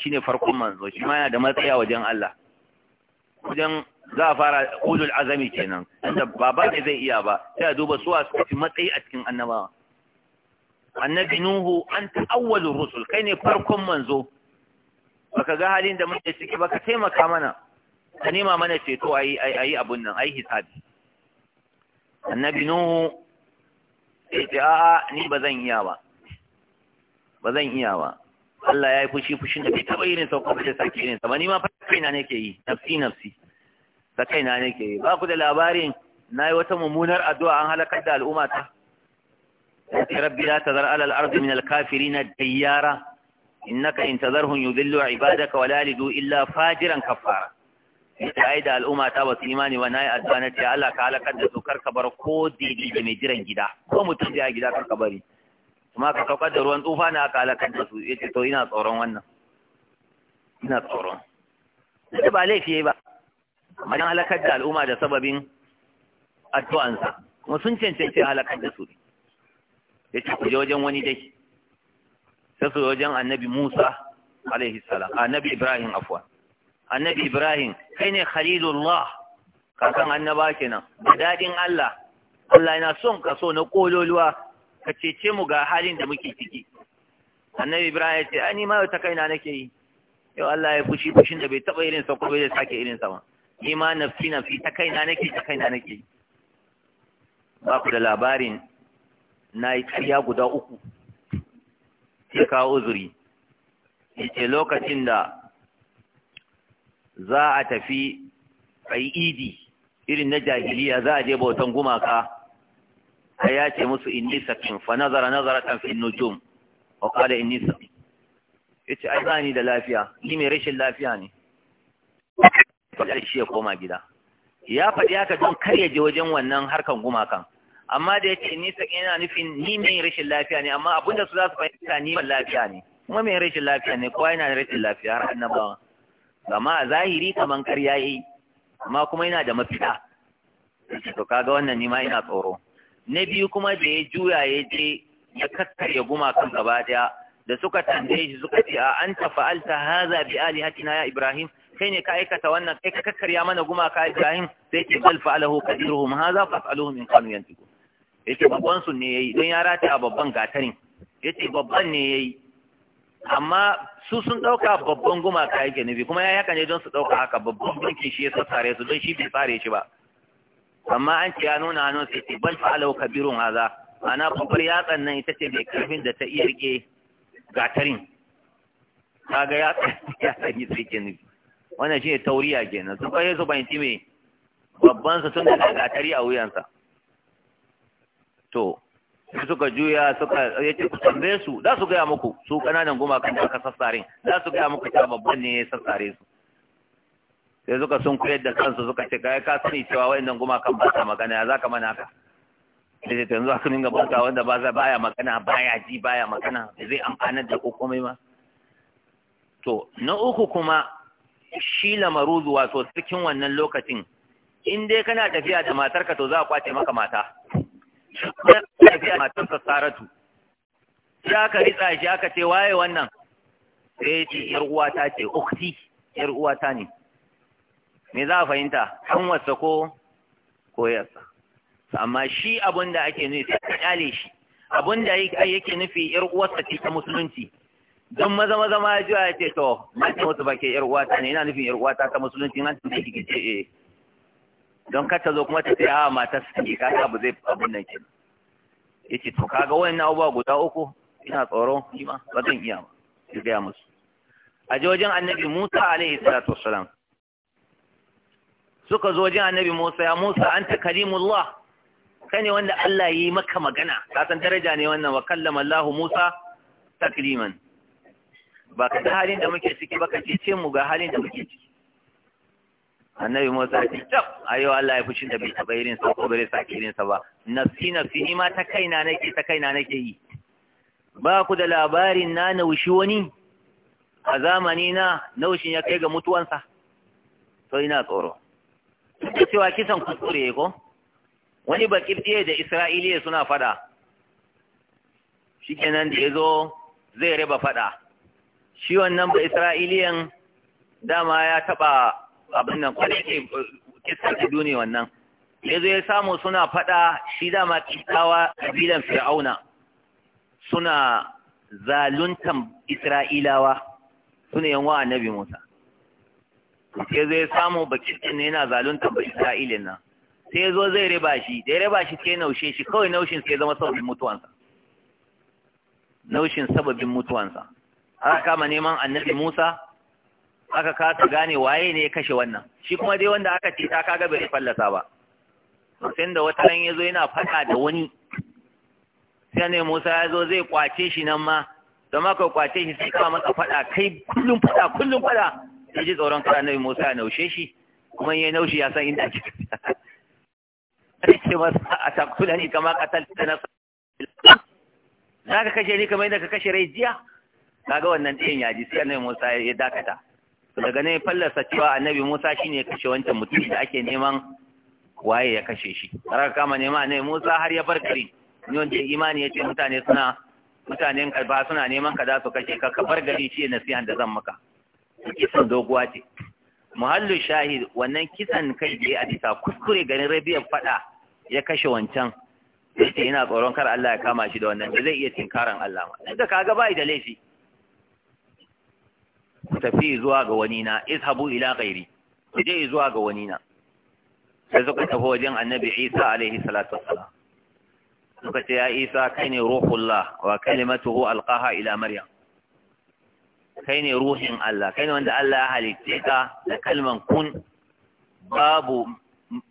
shi ne farkon manzo shi ma yana da matsaya wajen Allah wajen za a fara kudul azami kenan inda baba ne zai iya ba sai a duba su a fi matsayi a cikin annabawa annabi Nuhu an ta awwalur rusul kai ne farkon manzo baka ga halin da muke ciki baka taimaka mana ka nema mana ceto ayi ayi abun nan ayi hisabi annabi nuhu sai ce a'a ni ba zan iya ba ba zan iya ba Allah ya yi fushi fushin da bai taɓa yi ne sauka ba sai sake ne ba ni ma fa kaina nake yi nafsi nafsi da kaina nake yi ba ku da labarin na yi wata mummunar addu'a an halakar da al'umma ta. ya ce rabbi la tazar alal ardi min al-kafirina dayyara innaka in tazarhum yudillu ibadaka wala yalidu illa fajiran kafara ita ai da al'umma ta ba basu imani wa nayi addu'a na ce Allah ka halakar da su karka bar ko didi da mai jiran gida ko mutum da gida karka bari kuma ka saukar da ruwan tsufa na aka halakar da su yace to ina tsoron wannan ina tsoron sai ba laifi ba amma dan halakar da al'umma da sababin addu'ansa kuma sun cancanci halakar da su yace ku je wajen wani dai sai su wajen annabi Musa alaihi salam annabi Ibrahim afwa annabi Ibrahim kai ne khalilullah kakan annaba kenan da dadin Allah Allah yana son ka so na kololuwa ka cece mu ga halin da muke ciki annabi Ibrahim ya ce ani ma ta kaina nake yi yau Allah ya fushi fushin da bai taba irin sa ko bai sake irin sa ba ni ma nafsi nafsi ta kaina nake ta kaina nake ba ku da labarin na yi ƙarya guda uku ya kawo uzuri yace lokacin da za a tafi ayi idi irin na jahiliya za a je bautan gumaka sai ya ce musu inni sakin fa nazara kan fi nujum wa qala inni sakin ce ai zani da lafiya ni mai rashin lafiya ne shi ya koma gida ya faɗi haka don kar ya je wajen wannan harkan gumakan amma da yace ni sakin yana nufin ni mai rashin lafiya ne amma abinda su za su fahimta ni ban lafiya ne kuma mai rashin lafiya ne kowa yana da rashin lafiya har annabawa amma a zahiri kaman karya yi amma kuma yana da mafita to kaga wannan ni ma ina tsoro na biyu kuma da ya juya ya je ya kakkarya gumakan gaba daya da suka tambaye shi suka ce a anta fa'alta haza bi alihatina ya ibrahim kai ne ka aikata wannan kai ka kakkarya mana gumaka ibrahim sai ke bal fa'alahu kadiruhum haza fas'aluhum in kanu yantiqun yace babban su ne yayi don ya rata a babban gatarin yace babban ne yayi amma su sun dauka babban gumaka yake nufi kuma ya yaka ne don su dauka haka babban gunkin shi ya sassare su don shi bai fare shi ba amma an ce ya nuna hannun sai ce ban fa'alau kabirun haza ana babbar yatsan nan ita ce mai karfin da ta iya rike gatarin ga ya ya sani sai ke nufi wannan shine tauriya kenan su kai su fahimci me babban su tun da gatari a wuyansa to suka juya suka ya ce ku tambaye su za su gaya muku su kananan gumakan da aka sassare za su gaya muku ta babban ne ya sassare su sai suka sun koyar da kansu suka ce kai ka sani cewa wayannan gumakan ba sa magana ya zaka mana haka sai ta yanzu aka dinga bauta wanda ba za baya magana baya ji baya magana zai amfana da ko komai ma to na uku kuma shi zuwa wato cikin wannan lokacin in dai kana tafiya da matarka to za a kwace maka mata ya tafi matarsa saratu sai aka ritsa shi aka ce waye wannan sai ya ce yar uwata ce ukti yar uwata ne me za a fahimta ɗan wasa ko koyarsa amma shi abin da ake nufi sai ka kyale shi abin da yake nufi yar uwarsa ce ta musulunci don maza maza ma ya ce to mace wasu ba ke yar uwata ne yana nufin yar uwata ta musulunci nan ta ce eh don kar ta zo kuma ta sai a mata su ke kaga abu zai abin nan Ya ce to kaga wannan abubuwa guda uku ina tsoron shi ma ba zan iya ba ya gaya musu a je wajen annabi Musa alaihi salatu wasalam suka zo wajen annabi Musa ya Musa anta kalimullah kai ne wanda Allah yi maka magana ka san daraja ne wannan wa kallama Allah Musa takliman ba ka halin da muke ciki ba ka ce mu ga halin da muke ciki annabi Musa ya ce tab ayo Allah ya fushi da bai taba irin sa ko bai sake irin sa ba nafsi nafsi ni ma ta kaina nake ta kaina nake yi ba ku da labarin na wushi wani a zamani na naushin ya kai ga mutuwansa to ina tsoro duk cewa kisan tsore ko wani bakiftiye da Isra'iliya suna fada shikenan da yazo zai raba fada shi wannan ba Isra'iliyan dama ya taba abin nan kwarai ke kisar da duni wannan ya zo ya samu suna fada shi dama kisawa kabilan fir'auna suna zaluntan isra'ilawa suna yan wa annabi musa ya zo ya samu bakin ɗin yana zaluntan ba isra'ilin nan sai ya zo zai riba shi da ya riba shi sai naushe shi kawai naushin sai zama sababin mutuwansa naushin sababin mutuwansa aka kama neman annabi musa aka kasa gane waye ne ya kashe wannan shi kuma dai wanda aka ce ta kaga bai fallasa ba sai da wata ran yazo yana fada da wani sai ne Musa ya zo zai kwace shi nan ma da maka kwace shi sai ka masa fada kai kullum fada kullum fada sai ji tsoron kada Annabi Musa ya naushe shi kuma ya naushi ya san inda ake [laughs] ce masa a takula ni kama katal ta na na ka kashe ni kamar yadda ka kashe rai jiya ga wannan ɗin ya ji sai Annabi Musa ya dakata daga ne fallasa cewa annabi Musa shine ya kashe wancan mutum da ake neman waye ya kashe shi har kama nema annabi Musa har ya bar gari Ni wanda imani ya ce mutane suna mutanen kalba suna neman ka za su kashe ka ka bar gari shi ne nasihan da zan maka kisan doguwa ce muhallu shahid wannan kisan kai da a ta kuskure garin rabiyar fada ya kashe wancan yace ina tsoron kar Allah ya kama shi da wannan da zai iya tinkaran Allah ma daga kaga bai da laifi ku tafi zuwa ga wani na izhabu ila ghairi ku je zuwa ga wani na sai suka tafi wajen annabi Isa alaihi salatu wassalam suka ce ya Isa kai ne ruhullah wa kalimatuhu alqaha ila maryam kai ne ruhin Allah kai ne wanda Allah ya halitta ka da kalman kun babu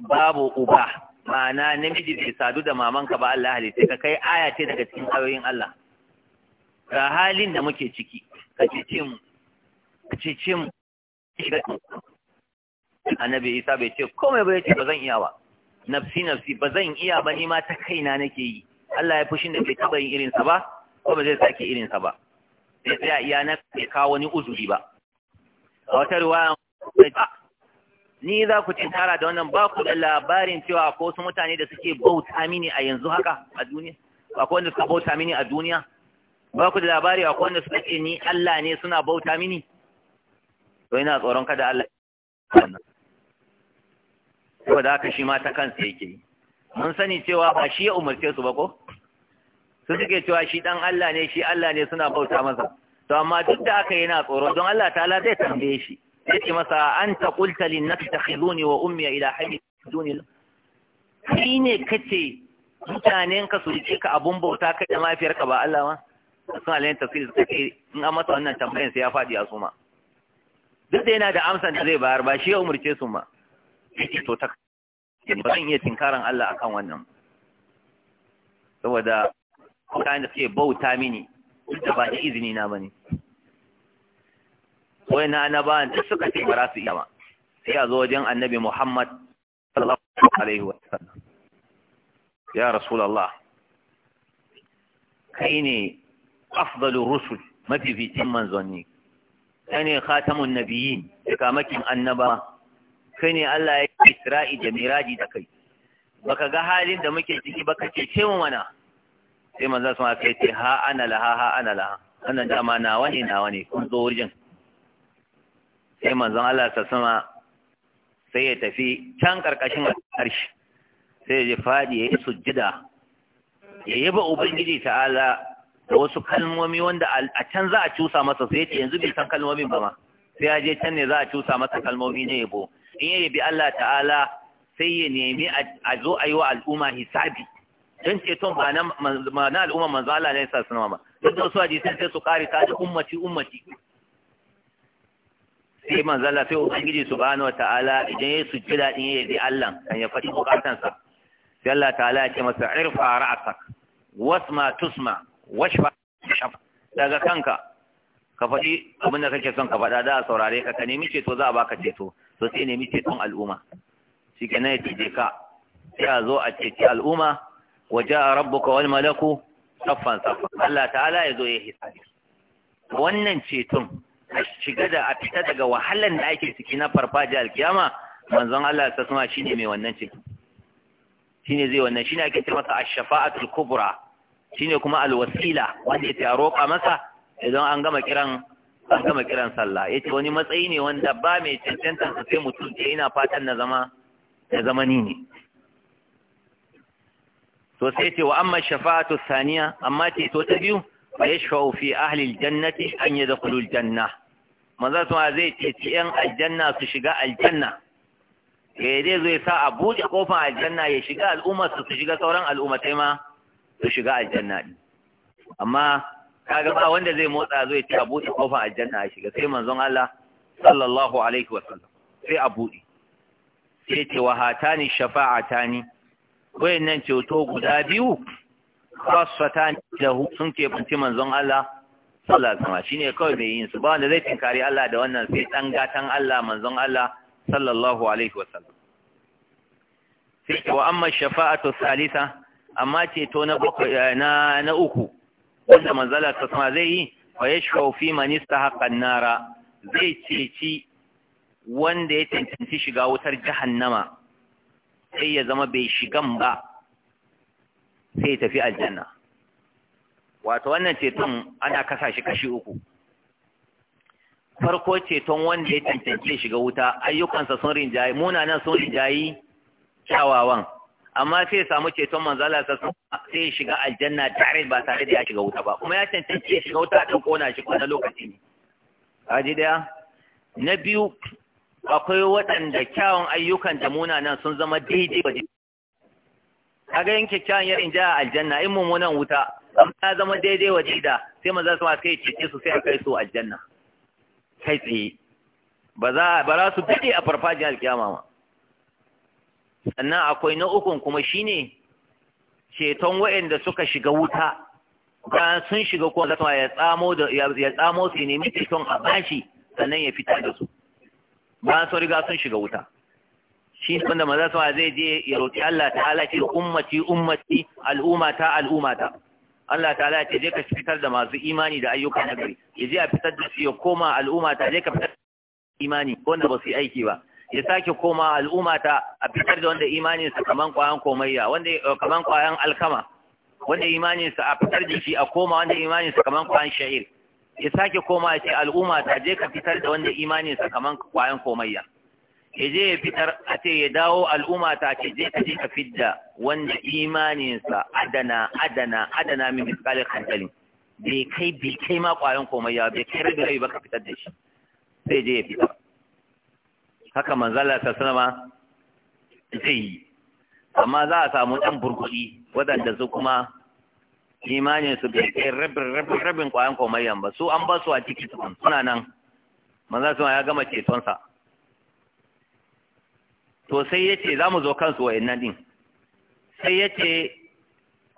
babu uba ma'ana namiji bai sadu da mamanka ba Allah halitta ka kai aya ce daga cikin ayoyin Allah ga halin da muke ciki ka ce mu ce cece mu annabi isa bai ce komai bai ce ba zan iya ba nafsi nafsi ba zan iya ba ni ma ta kaina nake yi Allah ya fushin da bai taba yin irinsa ba ko ba zai sake irinsa ba sai tsaya iya na bai kawo wani uzuri ba a wata ruwaya ni za ku cin tara da wannan ba ku da labarin cewa ko wasu mutane da suke bauta mini a yanzu haka a duniya ba ku wanda suka bauta mini a duniya ba ku da labari a ku wanda suka ce ni Allah ne suna bauta mini to ina tsoron kada Allah wannan da haka shi ma ta kansa yake mun sani cewa ba shi ya umarce su ba ko su suke cewa shi dan Allah ne shi Allah ne suna bauta masa to amma duk da haka yana tsoro don Allah ta'ala zai tambaye shi sai ce masa anta qulta lin nattakhiduni wa ummi ila hayy duni kai ne kace mutanen ka su rike ka abun bauta kai da ka ba Allah ma sun alayin tafsir suka ce in an masa wannan tambayan sai ya fadi a suma duk da yana da amsan da zai bayar ba shi ya umurce su ma yake to ta ba zan iya tinkaran Allah akan wannan saboda mutanen da suke bauta mini duk da ba da izini na bane wai na na ba duk suka ce ba za su iya ba sai a zo wajen annabi Muhammad sallallahu alaihi wasallam ya rasulullah kai ne afdalur rusul mafificin manzanni kane ne khatamun nabiyyin kamakin annaba kai ne Allah ya Isra'i da Miraji da kai baka ga halin da muke ciki baka ce ce mu mana sai manzo sun aka ce ha ana laha ha ana laha wannan dama na wani na wani kun zo wurin sai manzo Allah ta sama sai ya tafi can karkashin arshi sai ya fadi ya yi sujjida ya yaba ubangiji ta'ala da wasu kalmomi wanda a can za a cusa masa sai ce yanzu bai san kalmomin ba ma sai ya je can ne za a cusa masa kalmomi ne yabo in ya yabi Allah ta'ala sai ya nemi a zo a yi wa al'umma hisabi don ceton ba na al'umma manzo Allah ne sa sunama ba duk da wasu hadisi sai su kare ta da ummati ummati sai manzo Allah sai ubangiji subhanahu Ta'ala idan ya sujjada din ya yabi Allah kan ya faɗi bukatansa sai Allah ta'ala ya ce masa irfa ra'sak wasma tusma washfa daga kanka ka faɗi abin da kake son ka faɗa da a saurare ka ka nemi ceto za a baka ceto to sai nemi ceton al'umma shi ke nan ya cije ka sai a zo a ceci al'umma waje a rabbuka wani malaku saffan saffan Allah ta'ala ya zo ya hisabi wannan ceton a shiga da a fita daga wahalan da ake ciki na farfajiya alkiyama manzon Allah ta suma shine mai wannan ceton shine zai wannan shine ake ce masa shafa a kubra shine kuma alwasila wanda yake roƙa masa idan an gama kiran an gama kiran sallah yace wani matsayi ne wanda ba mai cancanta sai mutum ce ina fatan na zama na zama ni ne to sai ce wa amma shafa'atu saniya amma ce to ta biyu fa yashfa'u fi ahli aljannati an yadkhulu aljanna manzo sun zai ce ci yan aljanna su shiga aljanna ya eh, zai zo ya sa a buɗe kofar aljanna ya shiga al'umma su su shiga sauran al'ummatai ma su shiga aljanna din amma kaga ba wanda zai motsa zai ci abu buɗe kofar aljanna a shiga sai manzon Allah sallallahu alaihi wa sallam sai a buɗe sai ce wa hatani shafa'atani wayannan ceto guda biyu khasfatani lahu sun ke fanti manzon Allah sallallahu alaihi wa sallam shine kawai mai yin su ba wanda zai tinkari Allah da wannan sai dan gatan Allah manzon Allah sallallahu alaihi wa sallam sai wa amma shafa'atu salisa amma ceto na eh, na na uku wanda manzala ta sama zai yi fa yashfa'u fi man istahaqqa an-nara zai ceci wanda ya cancanci shiga wutar jahannama sai ya zama bai shigan ba sai ya tafi aljanna wato wannan ceton ana kasa shi kashi uku farko ceton wanda ya cancanci shiga wuta ayyukansa sun rinjayi munanan sun rinjayi kyawawan amma sai ya samu ceton manzala ta sai ya shiga aljanna tare ba tare da ya shiga wuta ba kuma ya cancanci ya shiga wuta dan kona shi kuma lokaci ne aji daya na biyu akwai waɗanda kyawun ayyukan da nan sun zama daidai ba kaga yin kyakkyawan yarin ja aljanna in mummunan wuta amma ya zama daidai wa jida sai manzo su sai ya cece su sai a kai su aljanna kai tsaye ba za su bide a farfajiyar alkiyama ma sannan akwai na ukun kuma shine ceton waɗanda suka shiga wuta bayan sun shiga kuma zata ya tsamo da ya tsamo su ne miki son a bashi sannan ya fitar da su bayan sun riga sun shiga wuta shi wanda maza sama zai je ya roƙi Allah ta'ala ce ummati ummati al'umma ta? Allah ta'ala ce zai ka fitar da masu imani da ayyuka na gari ya je a fitar da su ya koma ta zai ka fitar da imani wanda ba su yi aiki ba ya sake koma al'umma ta a fitar da wanda imanin sa kaman kwayan komayya wanda eh, kaman kwayan alkama wanda imanin sa a fitar da shi a koma wanda imanin sa kaman kwayan sha'ir ya sake koma ya ce al'umma ta je ka fitar da wanda imanin sa kaman kwayan komayya ya je ya fitar a ce ya dawo al'umma ta ce je ka je ka fidda wanda imanin sa adana adana adana min misali hankalin bai kai bai kai ma kwayan komayya bai kai rabi rabi ba ka fitar da shi sai je ya fitar haka manzala ta sanama zai yi amma za a samu ɗan burkuɗi waɗanda su kuma imanin su bai kai rabin rabin rabin ƙwayan komayyan ba su an ba su a ciki tukun suna nan manzan suna ya gama cetonsa to sai ya ce za mu zo kansu wa innan ɗin sai ya ce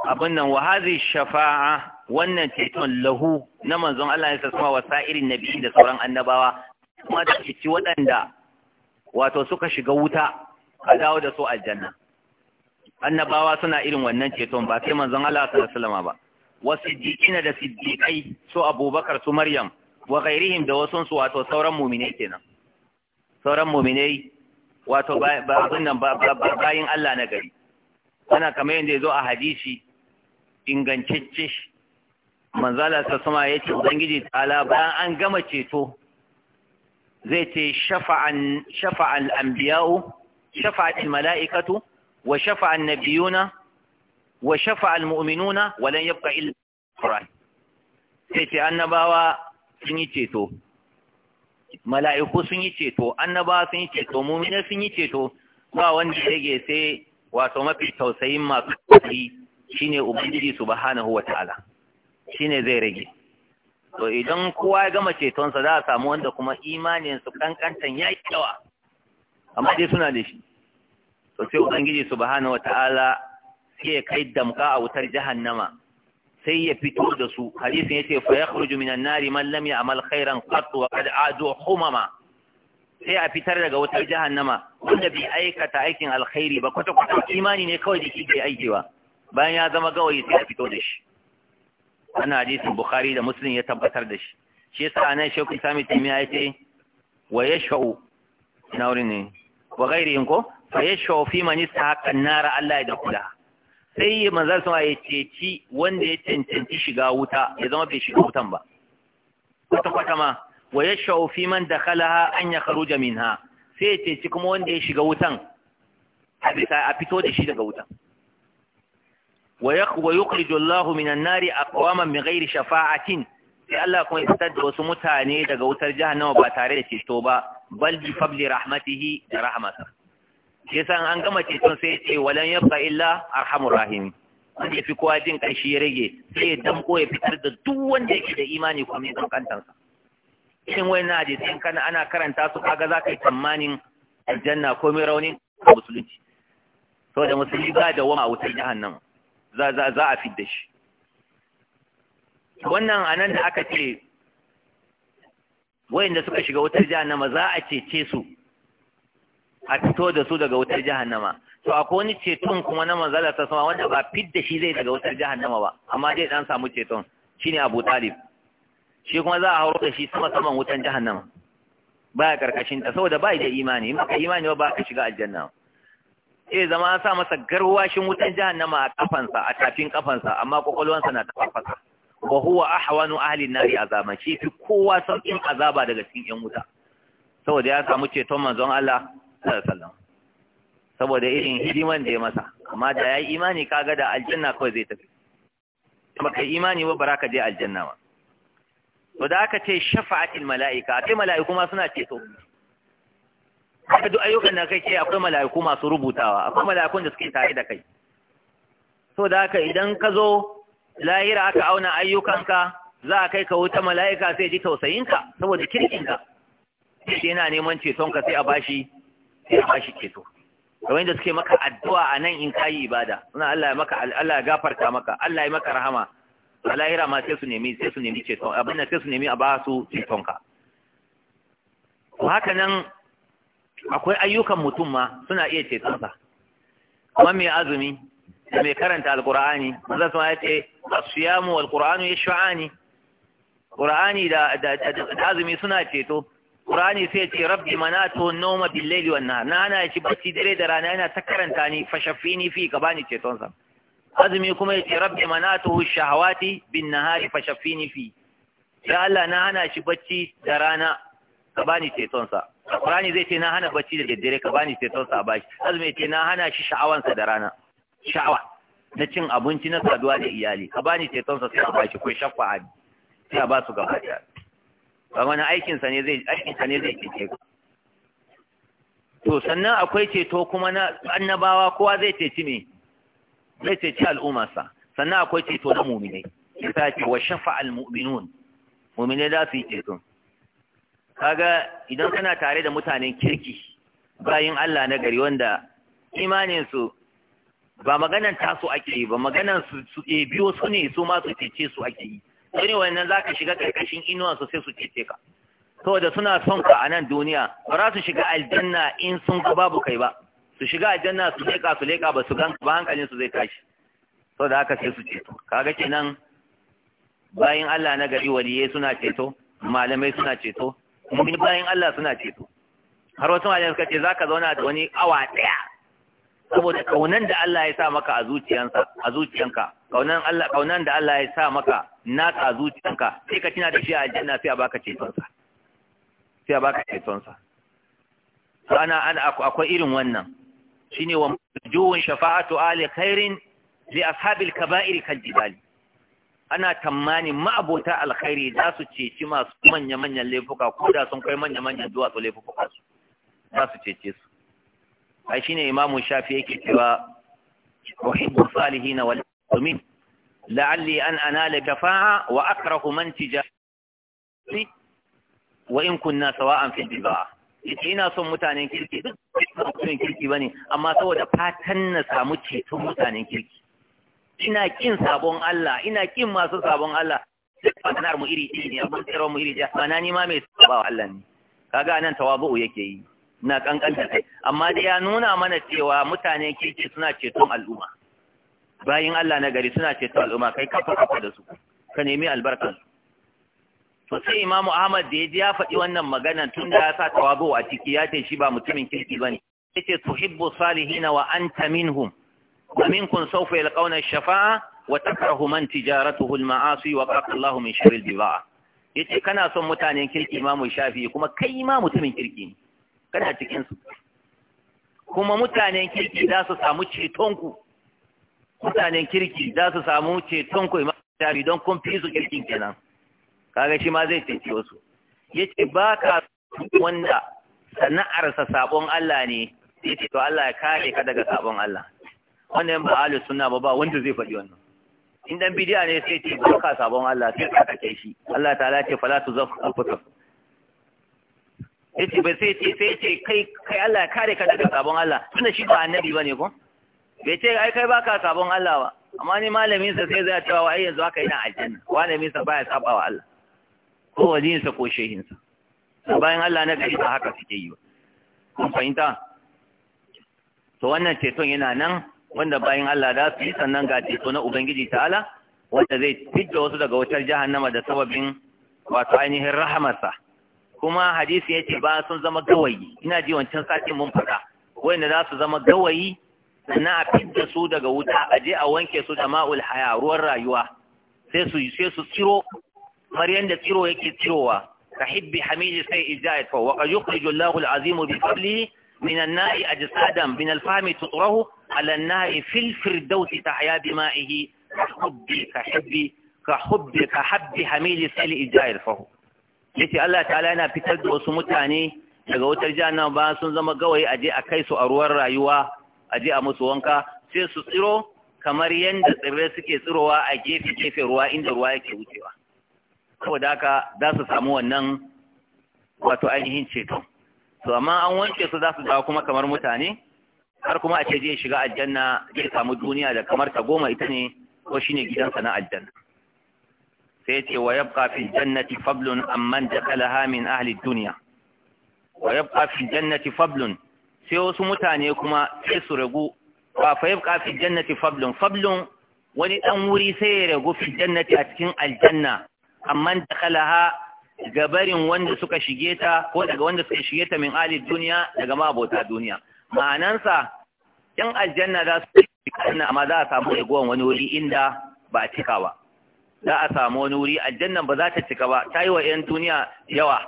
abin nan wa hazi shafa'a wannan ceton lahu na manzon Allah ya sassuma wa sa'irin nabi da sauran annabawa kuma da ci waɗanda wato suka shiga wuta a dawo da su aljanna annabawa suna irin wannan ceton ba sai manzon Allah sallallahu ba wasu diƙina da siddiƙai su abubakar su maryam wa gairihim da wasu su wato sauran mu'minai kenan sauran mu'minai wato ba abin nan ba bayin Allah na gari ana kamar yadda ya zo a hadisi ingantacce manzala ta sama ya ce ubangiji ta'ala bayan an gama ceto zai ce shafa'an shafa'al anbiya'u shafa'atil mala'ikatu wa shafa'an nabiyuna wa shafa'al mu'minuna wa lan yabqa illa Qur'an sai ce annabawa sun yi ceto mala'iku sun yi ceto annabawa sun yi ceto mummina sun yi ceto ba wanda yake sai wato mafi tausayin masu kuɗi shine ubangiji subhanahu wataala shine zai rage to idan kowa ya gama cetonsa za a samu wanda kuma imaninsu kankantan ya yi yawa amma dai suna da shi to sai ubangiji subhanahu ta'ala sai ya kai damka a wutar jahannama sai ya fito da su hadisin yace fa yakhruju minan nari man lam ya'mal khairan qat wa qad adu humama sai a fitar daga wutar jahannama wanda bai aikata aikin alkhairi ba kwata kwata imani ne kawai da aikewa bayan ya zama gawayi sai a fito da shi ana hadisin bukhari da muslim ya tabbatar da shi shi yasa anan shekul sami taymiya ya ce wa yashau ina wurin ne wa ghairihim ko fa yashau fi man istahaqa an-nara Allah ya kula sai manzo sama ya ceci wanda ya cancanci shiga wuta ya zama bai shiga wutan ba kwata kwata ma wa yashau fi man dakhalaha an yakhruja minha sai ya ceci kuma wanda ya shiga wutan a fito da shi daga wutan wa yukhriju Allahu minan nari aqwaman bighairi shafa'atin sai Allah kuma ya fitar da wasu mutane daga wutar jahannama ba tare da cito ba bal bi fadli rahmatihi da rahmasa shi san an gama ceton sai ya ce walan yabqa illa arhamur rahim wanda fi kowa jin kashi ya rage sai ya damko ya fitar da duk wanda yake da imani kuma mai kankantansa shin wai na je sai kana ana karanta su kaga za ka yi tsammanin aljanna ko mai raunin musulunci saboda musulmi ba da wama a wutar jahannama za za a da shi wannan anan da aka ce wayanda suka shiga wutar jahannama za a cece su a fito da su daga wutar jahannama to akwai wani ceton kuma na manzala ta sama wanda ba da shi zai daga wutar jahannama ba amma zai dan samu ceton shine Abu Talib shi kuma za a hauro da shi sama saman wutan jahannama baya karkashin ta saboda bai da imani in baka imani ba ka shiga aljanna sai eh, zama sa masa garwashin wutan jahannama a kafansa a tafin kafansa amma kwakwalwansa na tafafasa wa huwa ahwanu ahli nari azaba shi fi kowa saukin azaba daga cikin yan wuta saboda ya samu ceton manzon Allah sallallahu alaihi wasallam saboda irin hidiman da ya masa amma da yayi imani kaga da aljanna kawai zai tafi baka imani ba baraka je aljanna ba to da aka ce shafa'atil mala'ika akai mala'iku ma suna ceto haka duk ayyukan da ke akwai mala'iku masu rubutawa akwai mala'ikun da suke tare da kai so da haka idan ka zo lahira aka auna ayyukanka za a kai ka wuta mala'ika sai ji tausayinka saboda kirkinka sai yana neman cetonka sai a bashi sai a bashi ceto kamar yadda suke maka addu'a a nan in kayi ibada suna Allah ya maka Allah ya gafarta maka Allah ya maka rahama a lahira ma sai su nemi sai su nemi ceton abin da sai su nemi a ba su cetonka to haka nan akwai ayyukan mutum ma suna iya cetonsa kuma mai azumi da mai karanta alkur'ani maza su ya ce asiyamu walkur'anu ya sha'ani da azumi suna ceto Ƙur'ani sai ce rabbi mana to noma billeli wan na ana shi bacci dare da rana yana ta karanta ni ni fi ka bani ceton azumi kuma ya ce rabbi to shahawati bin nahari ni fi ya Allah na hana shi bacci da rana ka bani ceton Qur'ani zai ce na hana bacci da daddare ka bani sai tausa bashi azumi ce na hana shi sha'awansa da rana sha'awa na cin abinci na saduwa da iyali ka bani sai tausa sai a bashi ko shakwa a sai ba su gaba da ba wani aikin sa ne zai aikin sa ne zai cece to sannan akwai ceto kuma na annabawa kowa zai ceci ne zai ceci sa sannan akwai ceto na mu'mini sai ta ce wa shafa al-mu'minun mu'mini za su yi ceto kaga idan kana tare da mutanen kirki bayin Allah na gari wanda imanin su ba maganan taso ake yi ba maganan su su biyo su ne su ma su cece su ake yi sai wannan zaka shiga karkashin inuwa su sai su cece ka saboda suna son ka a nan duniya ba za su shiga aljanna in sun ga babu kai ba su shiga aljanna su leka su leka ba su gan ba hankalin su zai tashi saboda haka sai su ceto kaga kenan bayin Allah na gari waliye suna ceto malamai suna ceto mumin bayan Allah suna ceto har wasu malamai suka ce zaka zauna da wani awa daya saboda kaunan da Allah ya sa maka a zuciyansa a zuciyanka kaunan Allah kaunan da Allah ya sa maka naka a zuciyanka sai ka tuna da shi a aljanna sai a baka cetonsa. sai a baka cetonsa. sa ana ana akwai irin wannan shine wa juwun shafa'atu ali khairin li ashabil kaba'ir kal jibali ana tammanin ma'abota alkhairi za su ceci masu manya-manyan laifuka ko da sun kai manya-manyan duwatsu laifuka su za su cece su shi ne imamun shafi yake cewa uhibbu na wale. Domin la'alli an anala kafa'a wa akrahu man tijari wa in kunna sawa an fi ita ina son mutanen kirki duk mutumin kirki ba ne, amma saboda fatan na samu ceton mutanen kirki ina kin sabon Allah ina kin masu sabon Allah duk fatanar mu iri ɗaya ne abin tsirar mu iri ɗaya mana ni ma mai sabawa Allah ne kaga nan tawabu'u yake yi Ina kankanta kai amma da ya nuna mana cewa mutane kirki suna ceton al'umma bayin Allah na gari suna ceton al'umma kai kafa kafa da su ka nemi albarkan su to sai Imam Ahmad da ya ji ya faɗi wannan magana tun da ya sa tawabu a ciki ya ce shi ba mutumin kirki bane yace tuhibbu salihina wa anta minhum ومنكم سوف يلقون الشفاعة وتكره من تجارته المعاصي وقاك الله من شر البضاعة yace kana son mutanen kirki imamu shafi kuma kai ma mutumin kirki ne kana cikin kuma mutanen kirki za su samu cetonku mutanen kirki za su samu cetonku imamu shafi don kun fi su kirkin kenan kaga shi ma zai cece wasu yace ba ka wanda sana'arsa sabon Allah ne yace to Allah ya kare ka daga sabon Allah wannan ba ahlus sunna ba ba wanda zai faɗi wannan in dan bidiya ne sai ce ba ka sabon Allah sai ka kai shi Allah ta'ala ce fala zaf anfusakum yace ba sai ce sai ce kai kai Allah ya kare ka daga sabon Allah tunda shi ba annabi bane ko bai ce ai kai baka sabon Allah ba amma ni malamin sa sai zai cewa ai yanzu haka yana aljanna malamin sa baya saba wa Allah ko wajin sa ko shehin sa bayan Allah na gari ba haka suke yi ba kun fahimta to wannan ceton yana nan wanda bayan Allah za su yi sannan ga ceto na Ubangiji ta'ala wanda zai fidda wasu daga wutar jahannama da sababin wato ainihin rahamarsa kuma hadisi ya ce ba sun zama gawayi ina ji wancan satin mun faɗa wanda za su zama gawayi sannan a fidda su daga wuta a je a wanke su da ma'ul haya ruwan rayuwa sai su sai su tiro kamar yadda tsiro yake tsirowa ka hibbi hamidi sai ija ya tawa wa yukhrijul lahu al-azimu bi fadlihi من الناء أجسادا من الفهم تطره على الناء في الفردوس تحيا بمائه كحب كحب كحب كحب حميل السيل إجائر فهو yace Allah ta'ala yana fitar da wasu mutane daga wutar nan ba sun zama gawayi a je a kai su a ruwan rayuwa a je a musu wanka sai su tsiro kamar yadda tsirrai suke tsirowa a gefe gefe ruwa inda ruwa yake wucewa saboda haka za su samu wannan wato ainihin ceton to amma an wanke su za su dawo kuma kamar mutane har kuma a ce zai shiga aljanna zai samu duniya da kamar ta goma ita ne ko shine gidansa na aljanna sai ce wa yabqa fi jannati fablun amman dakalaha min ahli dunya wa yabqa fi jannati fablun sai wasu mutane kuma sai su ragu wa fa yabqa fi jannati fablun fablun wani dan wuri sai ya ragu fi jannati a cikin aljanna amman dakalaha gabarin barin wanda suka shige ta ko daga wanda suka shige ta min alid duniya daga mabota duniya ma'anansa yan aljanna za su yi amma za a samu ragowar wani wuri inda ba a cika ba za a samu wani wuri aljannan ba za ta cika ba ta yi wa yan duniya yawa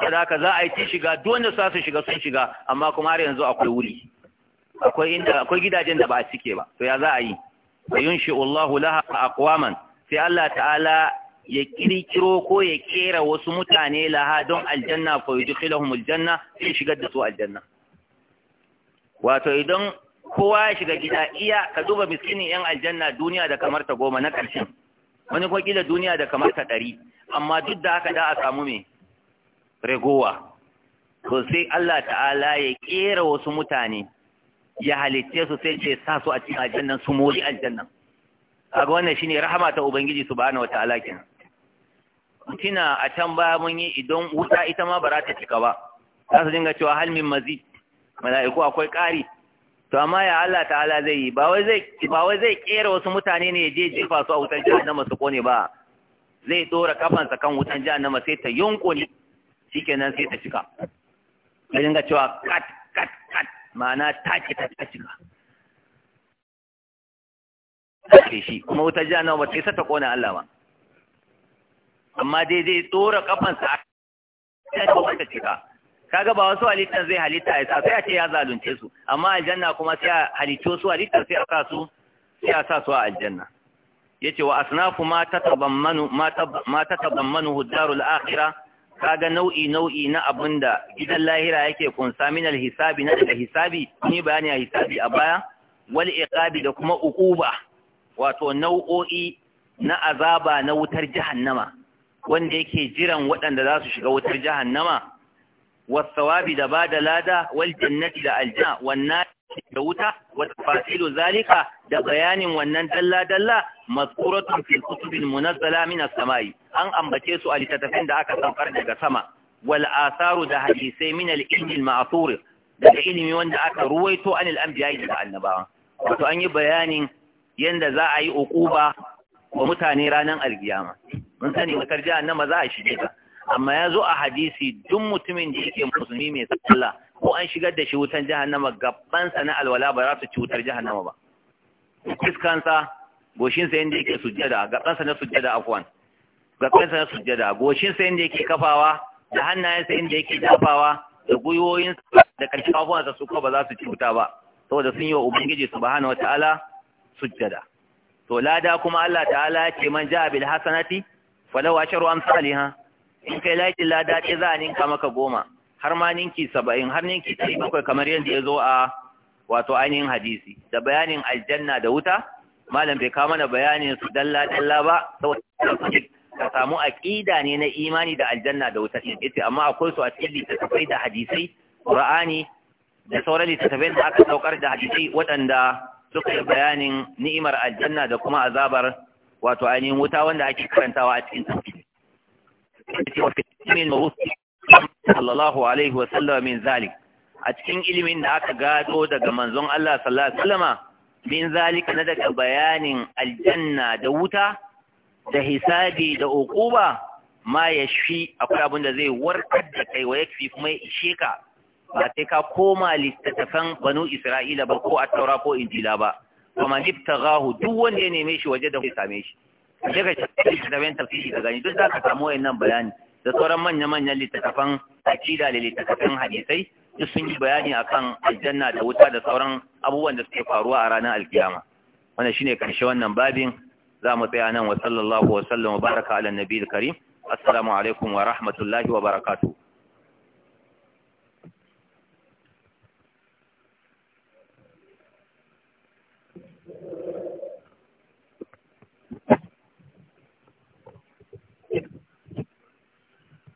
saboda za a yi ci shiga duwanda su su shiga sun shiga amma kuma har yanzu akwai wuri akwai inda akwai gidajen da ba a cike ba to ya za a yi yunshi Allahu laha aqwaman sai Allah ta'ala ya kirkiro ko ya kera wasu mutane laha don aljanna ko fa yudkhiluhum aljanna sai shigar da su aljanna wato idan kowa ya shiga gida iya ka duba miskinin yan aljanna duniya da kamar ta goma na ƙarshen wani kuma kila duniya da kamar ta ɗari amma duk da haka da a samu me ragowa to sai Allah ta'ala ya kera wasu mutane ya halitte su sai ce sa su a cikin aljannan su mori aljannan kaga wannan shine rahama ta ubangiji subhanahu wataala kenan tuna a can baya mun yi idan wuta ita ma ba za ta cika ba za su dinga cewa halmin mazi mala'iku akwai ƙari to amma ya Allah ta'ala zai yi ba wai zai ba wai zai kera wasu mutane ne je jefa su a wutar jahannama su kone ba zai dora kafansa kan wutan jahannama sai ta yunkuni shikenan sai ta cika ka dinga cewa kat kat kat ma'ana ta ce ta cika ta ce shi kuma wutar jahannama ba ta isa ta kone Allah ba amma dai zai tsora kafansa a kan cika kaga ba wasu halittar zai halitta ya sa sai a ce ya zalunce su amma aljanna kuma sai a halicce su halittar sai a sa su sai a sa su a aljanna yace wa asnafu ma tatabammanu ma tatabammanu hudaru la'akira? akhirah kaga nau'i nau'i na abinda gidan lahira yake kunsa min al-hisabi na daga hisabi ni bayani a hisabi a baya wal iqabi da kuma uquba wato nau'o'i na azaba na wutar jahannama wanda yake jiran waɗanda za su shiga wutar jahannama wasawabi da ba da lada wal jannati da aljanna wannan da wuta wata fasilu zalika da bayanin wannan dalla dalla mazkuratun fil kutubil munazzala min as-sama'i an ambace su a littattafan da aka saukar daga sama wal asaru da hadisai min al-injil ma'thur daga ilimi wanda aka ruwaito anil anbiya'i da annabawa wato an yi bayanin yanda za a yi uquba wa mutane ranar alkiyama mun sani jihar nama za a shige ta amma ya zo a hadisi duk mutumin da yake musulmi mai tsalla ko an shigar da shi wutan jahannama sa na alwala ba za su ci wutar jihar nama ba fiskansa goshinsa yadda yake sujjada gabansa na sujjada afwan gabansa na sujjada goshinsa yadda yake kafawa da hannayensa yadda yake dafawa da gwiwoyinsa da karshen abubuwansa su ba za su ci wuta ba saboda sun yi wa ubangiji subhanahu wataala sujjada to lada kuma Allah ta'ala ya ce man ja'a bil hasanati falau asharu ha. in kai laifin lada ce za a ninka maka goma har ma ninki saba'in har ninki ɗari bakwai kamar yadda ya zo a wato ainihin hadisi da bayanin aljanna da wuta malam bai kawo mana bayanin su dalla dalla ba saboda ka samu aqida ne na imani da aljanna da wuta yace amma akwai su a cikin littattafai da hadisai qur'ani da sauran littattafai da aka saukar da hadisai waɗanda suka yi bayanin ni'imar aljanna da kuma azabar wato ainihin wuta wanda ake karantawa a cikin sallallahu alaihi wa sallam min zalik a cikin ilimin da aka gado daga manzon Allah sallallahu alaihi min zalika na daga bayanin aljanna da wuta da hisabi da uquba ma yashfi akwai abin da zai warkar da kai wa yakfi kuma ya ishe ka ba sai ka koma littattafan banu Isra'ila ba ko a taura ko injila ba wa man ibtaghahu duk wanda ya neme shi waje da ya same shi sai ka shi da bayan tafsiri da gani duk za ka samu wayannan bayani da sauran manya-manyan littattafan akida da littattafan hadisai duk sun yi bayani akan aljanna da wuta da sauran abubuwan da suke faruwa a ranar alkiyama wannan shine karshe wannan babin za mu tsaya nan wa sallallahu wa sallam wa baraka ala nabiyil karim assalamu alaikum wa rahmatullahi wa barakatuh